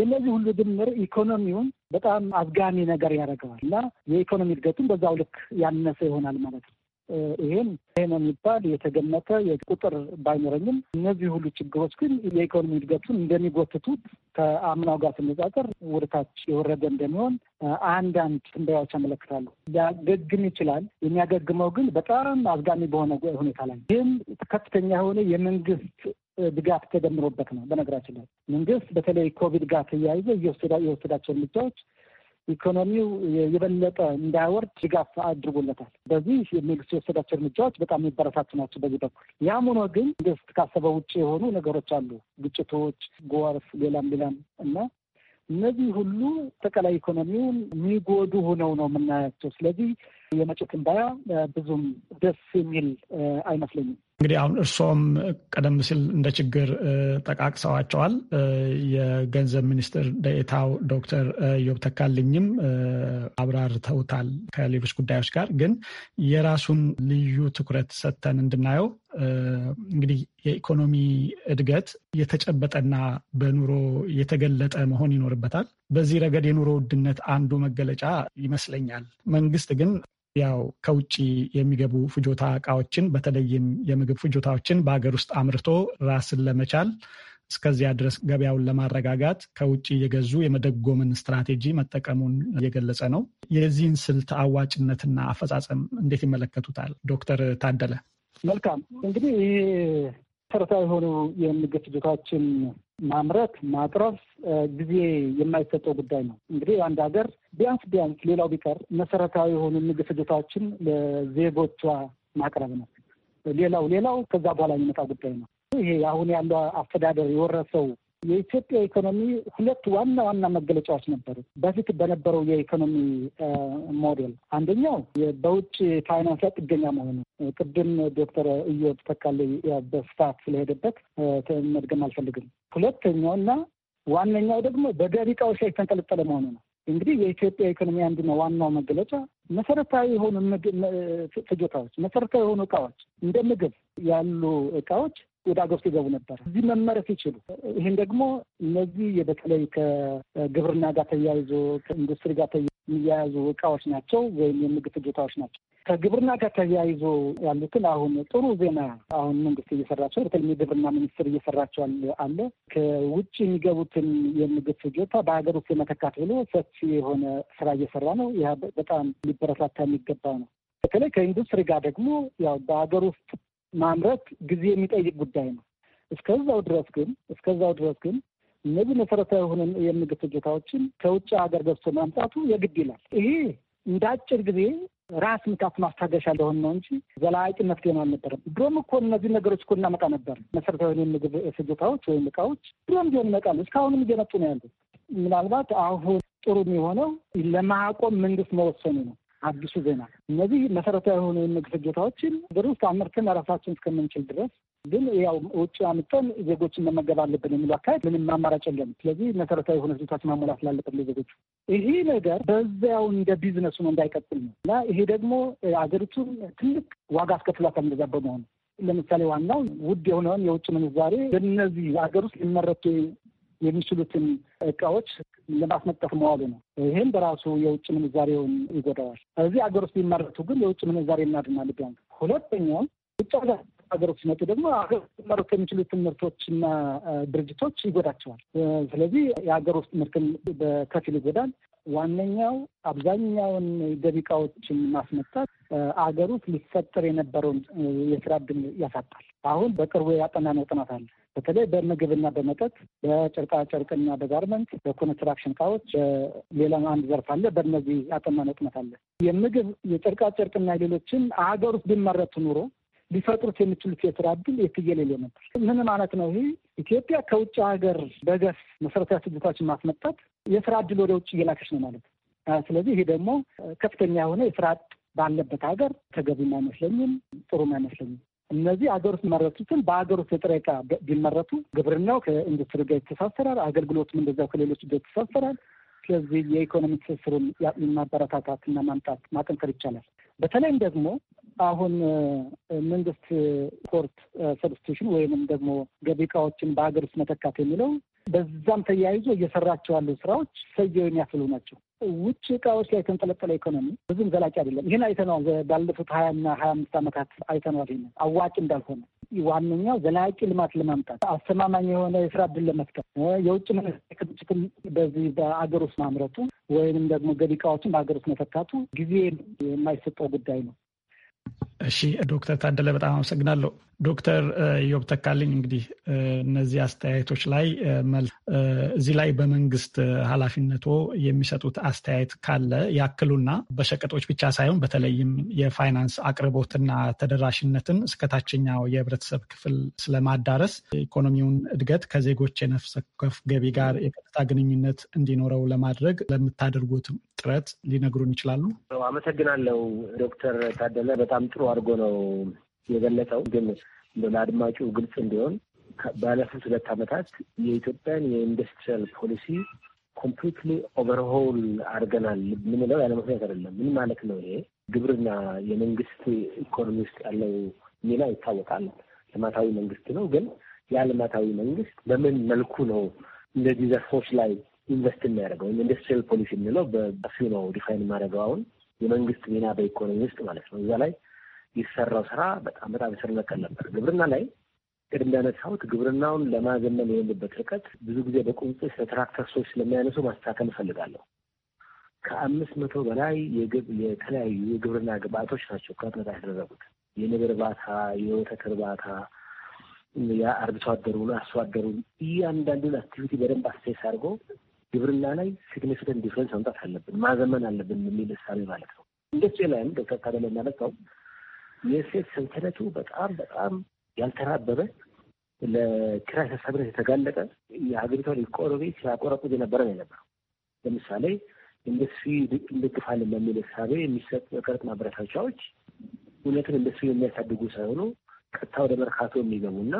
የእነዚህ ሁሉ ድምር ኢኮኖሚውን በጣም አዝጋሚ ነገር ያደርገዋል እና የኢኮኖሚ እድገቱን በዛው ልክ ያነሰ ይሆናል ማለት ነው። ይህም ይህ ነው የሚባል የተገመተ ቁጥር ባይኖረኝም እነዚህ ሁሉ ችግሮች ግን የኢኮኖሚ እድገቱን እንደሚጎትቱት ከአምናው ጋር ሲነጻጸር ወደታች የወረደ እንደሚሆን አንዳንድ ትንበያዎች ያመለክታሉ። ሊያገግም ይችላል። የሚያገግመው ግን በጣም አዝጋሚ በሆነ ሁኔታ ላይ ይህም ከፍተኛ የሆነ የመንግስት ድጋፍ ተደምሮበት ነው። በነገራችን ላይ መንግስት በተለይ ኮቪድ ጋር ተያይዘ እየወሰዳቸው እርምጃዎች ኢኮኖሚው የበለጠ እንዳያወርድ ድጋፍ አድርጎለታል። በዚህ መንግስት የወሰዳቸው እርምጃዎች በጣም የሚበረታቱ ናቸው። በዚህ በኩል ያም ሆኖ ግን መንግስት ካሰበው ውጭ የሆኑ ነገሮች አሉ። ግጭቶች፣ ጎርፍ፣ ሌላም ሌላም እና እነዚህ ሁሉ አጠቃላይ ኢኮኖሚውን የሚጎዱ ሆነው ነው የምናያቸው። ስለዚህ የመጪው ትንበያ ብዙም ደስ የሚል አይመስለኝም። እንግዲህ አሁን እርሶም ቀደም ሲል እንደ ችግር ጠቃቅሰዋቸዋል። የገንዘብ ሚኒስትር ደኤታው ዶክተር ዮብ ተካልኝም አብራርተውታል። ከሌሎች ጉዳዮች ጋር ግን የራሱን ልዩ ትኩረት ሰጥተን እንድናየው እንግዲህ የኢኮኖሚ እድገት የተጨበጠና በኑሮ የተገለጠ መሆን ይኖርበታል። በዚህ ረገድ የኑሮ ውድነት አንዱ መገለጫ ይመስለኛል። መንግስት ግን ያው ከውጭ የሚገቡ ፍጆታ እቃዎችን በተለይም የምግብ ፍጆታዎችን በሀገር ውስጥ አምርቶ ራስን ለመቻል እስከዚያ ድረስ ገበያውን ለማረጋጋት ከውጭ የገዙ የመደጎምን ስትራቴጂ መጠቀሙን እየገለጸ ነው። የዚህን ስልት አዋጭነትና አፈጻጸም እንዴት ይመለከቱታል ዶክተር ታደለ? መልካም እንግዲህ መሰረታዊ የሆኑ የምግብ ፍጆታዎችን ማምረት ማቅረብ ጊዜ የማይሰጠው ጉዳይ ነው። እንግዲህ አንድ ሀገር ቢያንስ ቢያንስ ሌላው ቢቀር መሰረታዊ የሆኑ ምግብ ፍጆታዎችን ለዜጎቿ ማቅረብ ነው። ሌላው ሌላው ከዛ በኋላ የሚመጣ ጉዳይ ነው። ይሄ አሁን ያለው አስተዳደር የወረሰው የኢትዮጵያ ኢኮኖሚ ሁለት ዋና ዋና መገለጫዎች ነበሩ በፊት በነበረው የኢኮኖሚ ሞዴል። አንደኛው በውጭ ፋይናንስ ላይ ጥገኛ መሆኑ ቅድም ዶክተር እዮብ ተካልኝ በስፋት ስለሄደበት መድገም አልፈልግም። ሁለተኛው እና ዋነኛው ደግሞ በገቢ እቃዎች ላይ የተንጠለጠለ መሆኑ ነው። እንግዲህ የኢትዮጵያ ኢኮኖሚ ነው ዋናው መገለጫ መሰረታዊ የሆኑ ፍጆታዎች፣ መሰረታዊ የሆኑ እቃዎች እንደ ምግብ ያሉ እቃዎች ወደ ሀገር ውስጥ ይገቡ ነበር እዚህ መመረት ይችሉ። ይህም ደግሞ እነዚህ በተለይ ከግብርና ጋር ተያይዞ ከኢንዱስትሪ ጋር የሚያያዙ እቃዎች ናቸው ወይም የምግብ ፍጆታዎች ናቸው። ከግብርና ጋር ተያይዞ ያሉትን አሁን ጥሩ ዜና አሁን መንግስት እየሰራቸው በተለይ የግብርና ሚኒስትር እየሰራቸው አለ። ከውጭ የሚገቡትን የምግብ ፍጆታ በሀገር ውስጥ የመተካት ብሎ ሰፊ የሆነ ስራ እየሰራ ነው። ይህ በጣም ሊበረታታ የሚገባ ነው። በተለይ ከኢንዱስትሪ ጋር ደግሞ ያው በሀገር ውስጥ ማምረት ጊዜ የሚጠይቅ ጉዳይ ነው። እስከዛው ድረስ ግን እስከዛው ድረስ ግን እነዚህ መሰረታዊ የሆነ የምግብ ፍጆታዎችን ከውጭ ሀገር ገብቶ ማምጣቱ የግድ ይላል። ይሄ እንደ አጭር ጊዜ ራስ ምታት ማስታገሻ ለሆን ነው እንጂ ዘላቂ መፍትሄም አልነበረም። ድሮም እኮ እነዚህ ነገሮች እኮ እናመጣ ነበር። መሰረታዊ የሆነ የምግብ ፍጆታዎች ወይም እቃዎች ድሮም ቢሆን ይመጣሉ። እስካሁንም እየመጡ ነው ያሉት። ምናልባት አሁን ጥሩ የሚሆነው ለማቆም መንግስት መወሰኑ ነው። አዲሱ ዜና። እነዚህ መሰረታዊ የሆኑ የምግብ ፍጆታዎችን ሀገር ውስጥ አምርተን ራሳችን እስከምንችል ድረስ ግን ያው ውጭ አምጠን ዜጎችን መመገብ አለብን የሚሉ አካሄድ ምንም አማራጭ የለም። ስለዚህ መሰረታዊ የሆነ ፍጆታዎችን ማሟላት ስላለበት ለዜጎቹ ይሄ ነገር በዚያው እንደ ቢዝነሱ ነው እንዳይቀጥል ነው እና ይሄ ደግሞ አገሪቱን ትልቅ ዋጋ አስከፍሏታል እንደዛ በመሆኑ ለምሳሌ ዋናው ውድ የሆነውን የውጭ ምንዛሬ በእነዚህ ሀገር ውስጥ ሊመረቱ የሚችሉትን እቃዎች ለማስመጠፍ መዋሉ ነው። ይህም በራሱ የውጭ ምንዛሬውን ይጎዳዋል። እዚህ ሀገር ውስጥ ቢመረቱ ግን የውጭ ምንዛሬ እናድናል። ቢያንስ ሁለተኛው ውጭ ሀገሮች ሲመጡ ደግሞ ሊመረቱ የሚችሉትን ምርቶችና ድርጅቶች ይጎዳቸዋል። ስለዚህ የሀገር ውስጥ ምርትን በከፊል ይጎዳል። ዋነኛው አብዛኛውን ገቢ እቃዎችን ማስመጣት አገር ውስጥ ሊፈጠር የነበረውን የስራ እድል ያሳጣል። አሁን በቅርቡ ያጠናነው ጥናት አለ። በተለይ በምግብና በመጠጥ፣ በጨርቃጨርቅና በጋርመንት፣ በኮንስትራክሽን እቃዎች፣ ሌላ አንድ ዘርፍ አለ። በእነዚህ አጠና ነጥመት አለ። የምግብ የጨርቃጨርቅና ሌሎችን አገር ውስጥ ቢመረቱ ኑሮ ሊፈጥሩት የሚችሉት የስራ እድል የትየሌለ ነበር። ምን ማለት ነው ይህ ኢትዮጵያ ከውጭ ሀገር በገፍ መሰረታዊ ስግታችን ማስመጣት የስራ እድል ወደ ውጭ እየላከች ነው ማለት ነው። ስለዚህ ይሄ ደግሞ ከፍተኛ የሆነ የስራ ባለበት ሀገር ተገቢም አይመስለኝም፣ ጥሩም አይመስለኝም። እነዚህ አገር ውስጥ መረቱትን በአገር ውስጥ የጥሬ ዕቃ ቢመረቱ ግብርናው ከኢንዱስትሪ ጋር ይተሳሰራል፣ አገልግሎቱም እንደዚያው ከሌሎች ጋር ይተሳሰራል። ስለዚህ የኢኮኖሚ ትስስሩን ማበረታታትና ማምጣት ማጠንከር ይቻላል። በተለይም ደግሞ አሁን መንግስት ኮርት ሰብስቲሽን ወይንም ደግሞ ገቢ እቃዎችን በሀገር ውስጥ መተካት የሚለው በዛም ተያይዞ እየሰራቸው ያሉ ስራዎች ሰየው የሚያስሉ ናቸው። ውጭ እቃዎች ላይ የተንጠለጠለ ኢኮኖሚ ብዙም ዘላቂ አይደለም። ይህን አይተነዋል። ባለፉት ሀያና ሀያ አምስት ዓመታት አይተነዋል። ይህን አዋጭ እንዳልሆነ ዋነኛው ዘላቂ ልማት ለማምጣት አስተማማኝ የሆነ የስራ እድል ለመፍጠር የውጭ ምንክችክም በዚህ በአገር ውስጥ ማምረቱ ወይንም ደግሞ ገቢ እቃዎችን በሀገር ውስጥ መፈታቱ ጊዜ የማይሰጠው ጉዳይ ነው። እሺ ዶክተር ታደለ በጣም አመሰግናለሁ። ዶክተር ዮብ ተካልኝ እንግዲህ እነዚህ አስተያየቶች ላይ እዚህ ላይ በመንግስት ኃላፊነቶ የሚሰጡት አስተያየት ካለ ያክሉና በሸቀጦች ብቻ ሳይሆን በተለይም የፋይናንስ አቅርቦትና ተደራሽነትን እስከታችኛው የህብረተሰብ ክፍል ስለማዳረስ ኢኮኖሚውን እድገት ከዜጎች የነፍስ ወከፍ ገቢ ጋር የቀጥታ ግንኙነት እንዲኖረው ለማድረግ ለምታደርጉት ጥረት ሊነግሩን ይችላሉ? አመሰግናለሁ ዶክተር ታደለ በጣም ጥሩ አድርጎ ነው የበለጠው ግን ለአድማጩ ግልጽ እንዲሆን ባለፉት ሁለት ዓመታት የኢትዮጵያን የኢንዱስትሪያል ፖሊሲ ኮምፕሊትሊ ኦቨርሆል አድርገናል የምንለው ያለ ምክንያት አይደለም። ምን ማለት ነው? ይሄ ግብርና የመንግስት ኢኮኖሚ ውስጥ ያለው ሚና ይታወቃል። ልማታዊ መንግስት ነው። ግን ያ ልማታዊ መንግስት በምን መልኩ ነው እንደዚህ ዘርፎች ላይ ኢንቨስት የሚያደርገው ወይም ኢንዱስትሪያል ፖሊሲ የምንለው በፊው ነው ዲፋይን የማደርገው አሁን የመንግስት ሚና በኢኮኖሚ ውስጥ ማለት ነው። እዛ ላይ ይሰራው ስራ በጣም በጣም ይሰለቀል ነበር። ግብርና ላይ ቅድም እንዳነሳሁት ግብርናውን ለማዘመን የሄንበት ርቀት ብዙ ጊዜ በቁምጽ ስለ ትራክተር ሰዎች ስለሚያነሱ ማስተካከል እፈልጋለሁ። ከአምስት መቶ በላይ የተለያዩ የግብርና ግብአቶች ናቸው ከጥነታ ያደረጉት የንብ እርባታ፣ የወተት እርባታ፣ የአርብቶ አደሩን አርሶ አደሩን እያንዳንዱን አክቲቪቲ በደንብ አስተስ አድርጎ ግብርና ላይ ሲግኒፊካንት ዲፍረንስ መምጣት አለብን ማዘመን አለብን የሚል እሳቤ ማለት ነው። እንደ ላይም ዶክተር ካደለ እንዳነሳው የእሴት ሰንሰለቱ በጣም በጣም ያልተናበበ ለኪራይ ሰብሳቢነት የተጋለጠ የሀገሪቷን ኢኮኖሚ ሲያቆረቁዝ የነበረ ነው የነበረው። ለምሳሌ ኢንዱስትሪ እንደግፋለን በሚል ሳቤ የሚሰጡ የቀረጥ ማበረታቻዎች እውነትን ኢንዱስትሪ የሚያሳድጉ ሳይሆኑ ቀጥታ ወደ መርካቶ እና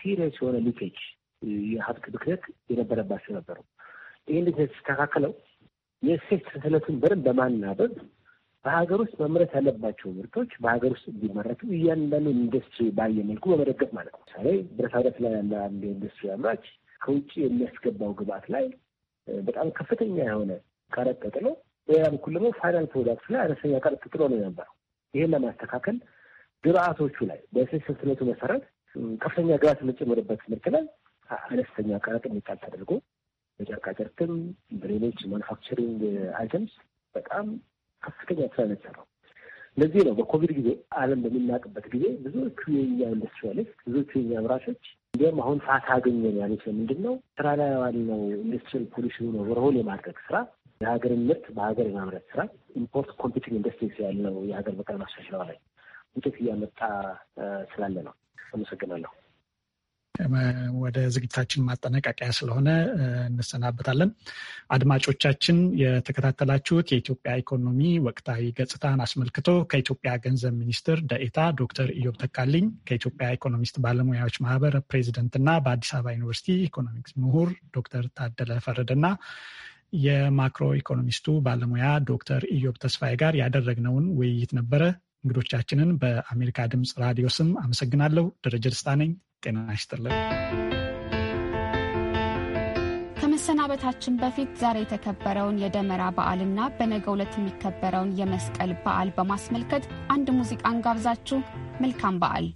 ሲሪየስ የሆነ ሊኬጅ የሀብት ብክነት የነበረባቸው ነበሩ። ይህ እንዴት ተስተካከለው? የእሴት ሰንሰለቱን በደንብ በማናበብ በሀገር ውስጥ መምረት ያለባቸው ምርቶች በሀገር ውስጥ እንዲመረቱ እያንዳንዱ ኢንዱስትሪ ባየ መልኩ በመደገፍ ማለት ነው። ምሳሌ ብረታብረት ላይ ያለ አንድ ኢንዱስትሪ አምራች ከውጭ የሚያስገባው ግብአት ላይ በጣም ከፍተኛ የሆነ ቀረጥ ጥሎ፣ በሌላ በኩል ደግሞ ፋይናል ፕሮዳክት ላይ አነስተኛ ቀረጥ ጥሎ ነው የነበረው። ይህን ለማስተካከል ግብአቶቹ ላይ በስስስነቱ መሰረት ከፍተኛ ግብአት የምንጨምርበት ምርት ላይ አነስተኛ ቀረጥ የሚጣል ተደርጎ በጨርቃጨርቅም በሌሎች ማኑፋክቸሪንግ አይተምስ በጣም ከፍተኛ ስራ ነው የተሰራው። ለዚህ ነው በኮቪድ ጊዜ ዓለም በሚናቅበት ጊዜ ብዙ የኛ ኢንዱስትሪያሊስት ብዙ የኛ አምራቾች እንዲሁም አሁን ሰዓት አገኘን ያሉት ምንድን ነው? ስራ ላይ ዋለው ኢንዱስትሪል ፖሊሲ ሆኖ ወርሆን የማድረግ ስራ የሀገርን ምርት በሀገር የማምረት ስራ ኢምፖርት ኮምፒቲንግ ኢንዱስትሪስ ያለው የሀገር በቀል ማሻሻያ ላይ ውጤት እያመጣ ስላለ ነው። አመሰግናለሁ። ወደ ዝግጅታችን ማጠናቀቂያ ስለሆነ እንሰናበታለን። አድማጮቻችን፣ የተከታተላችሁት የኢትዮጵያ ኢኮኖሚ ወቅታዊ ገጽታን አስመልክቶ ከኢትዮጵያ ገንዘብ ሚኒስትር ደኤታ ዶክተር ኢዮብ ተካልኝ ከኢትዮጵያ ኢኮኖሚስት ባለሙያዎች ማህበር ፕሬዚደንትና በአዲስ አበባ ዩኒቨርሲቲ ኢኮኖሚክስ ምሁር ዶክተር ታደለ ፈረደና የማክሮ ኢኮኖሚስቱ ባለሙያ ዶክተር ኢዮብ ተስፋዬ ጋር ያደረግነውን ውይይት ነበረ። እንግዶቻችንን በአሜሪካ ድምፅ ራዲዮ ስም አመሰግናለሁ። ደረጀ ደስታ ነኝ። ጤና ይስጥልን። ከመሰናበታችን በፊት ዛሬ የተከበረውን የደመራ በዓልና በነገ ዕለት የሚከበረውን የመስቀል በዓል በማስመልከት አንድ ሙዚቃን ጋብዛችሁ መልካም በዓል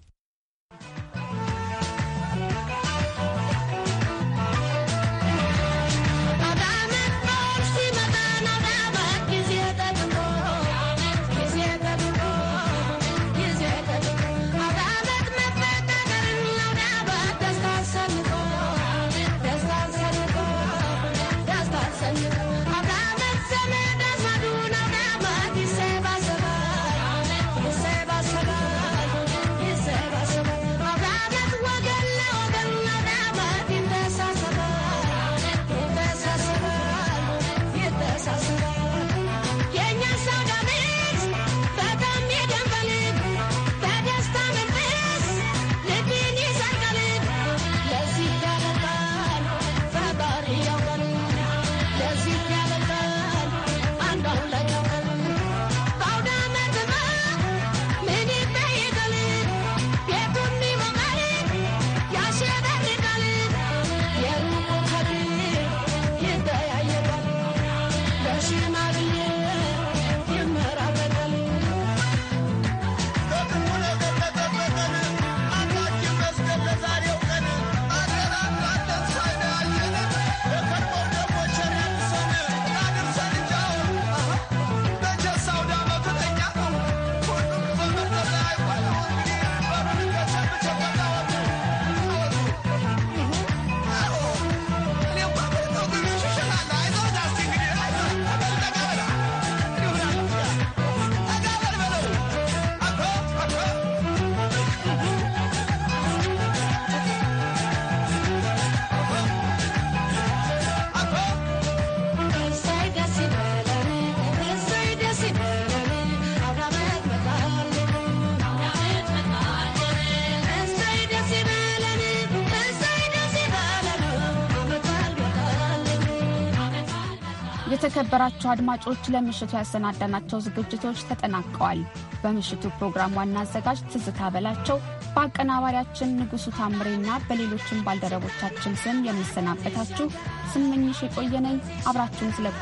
የተከበራቸው አድማጮች ለምሽቱ ያሰናዳናቸው ዝግጅቶች ተጠናቀዋል። በምሽቱ ፕሮግራም ዋና አዘጋጅ ትዝታ በላቸው፣ በአቀናባሪያችን ንጉሱ ታምሬና በሌሎችም ባልደረቦቻችን ስም የሚሰናበታችሁ ስምኝሽ የቆየነኝ አብራችሁን ስለቆየ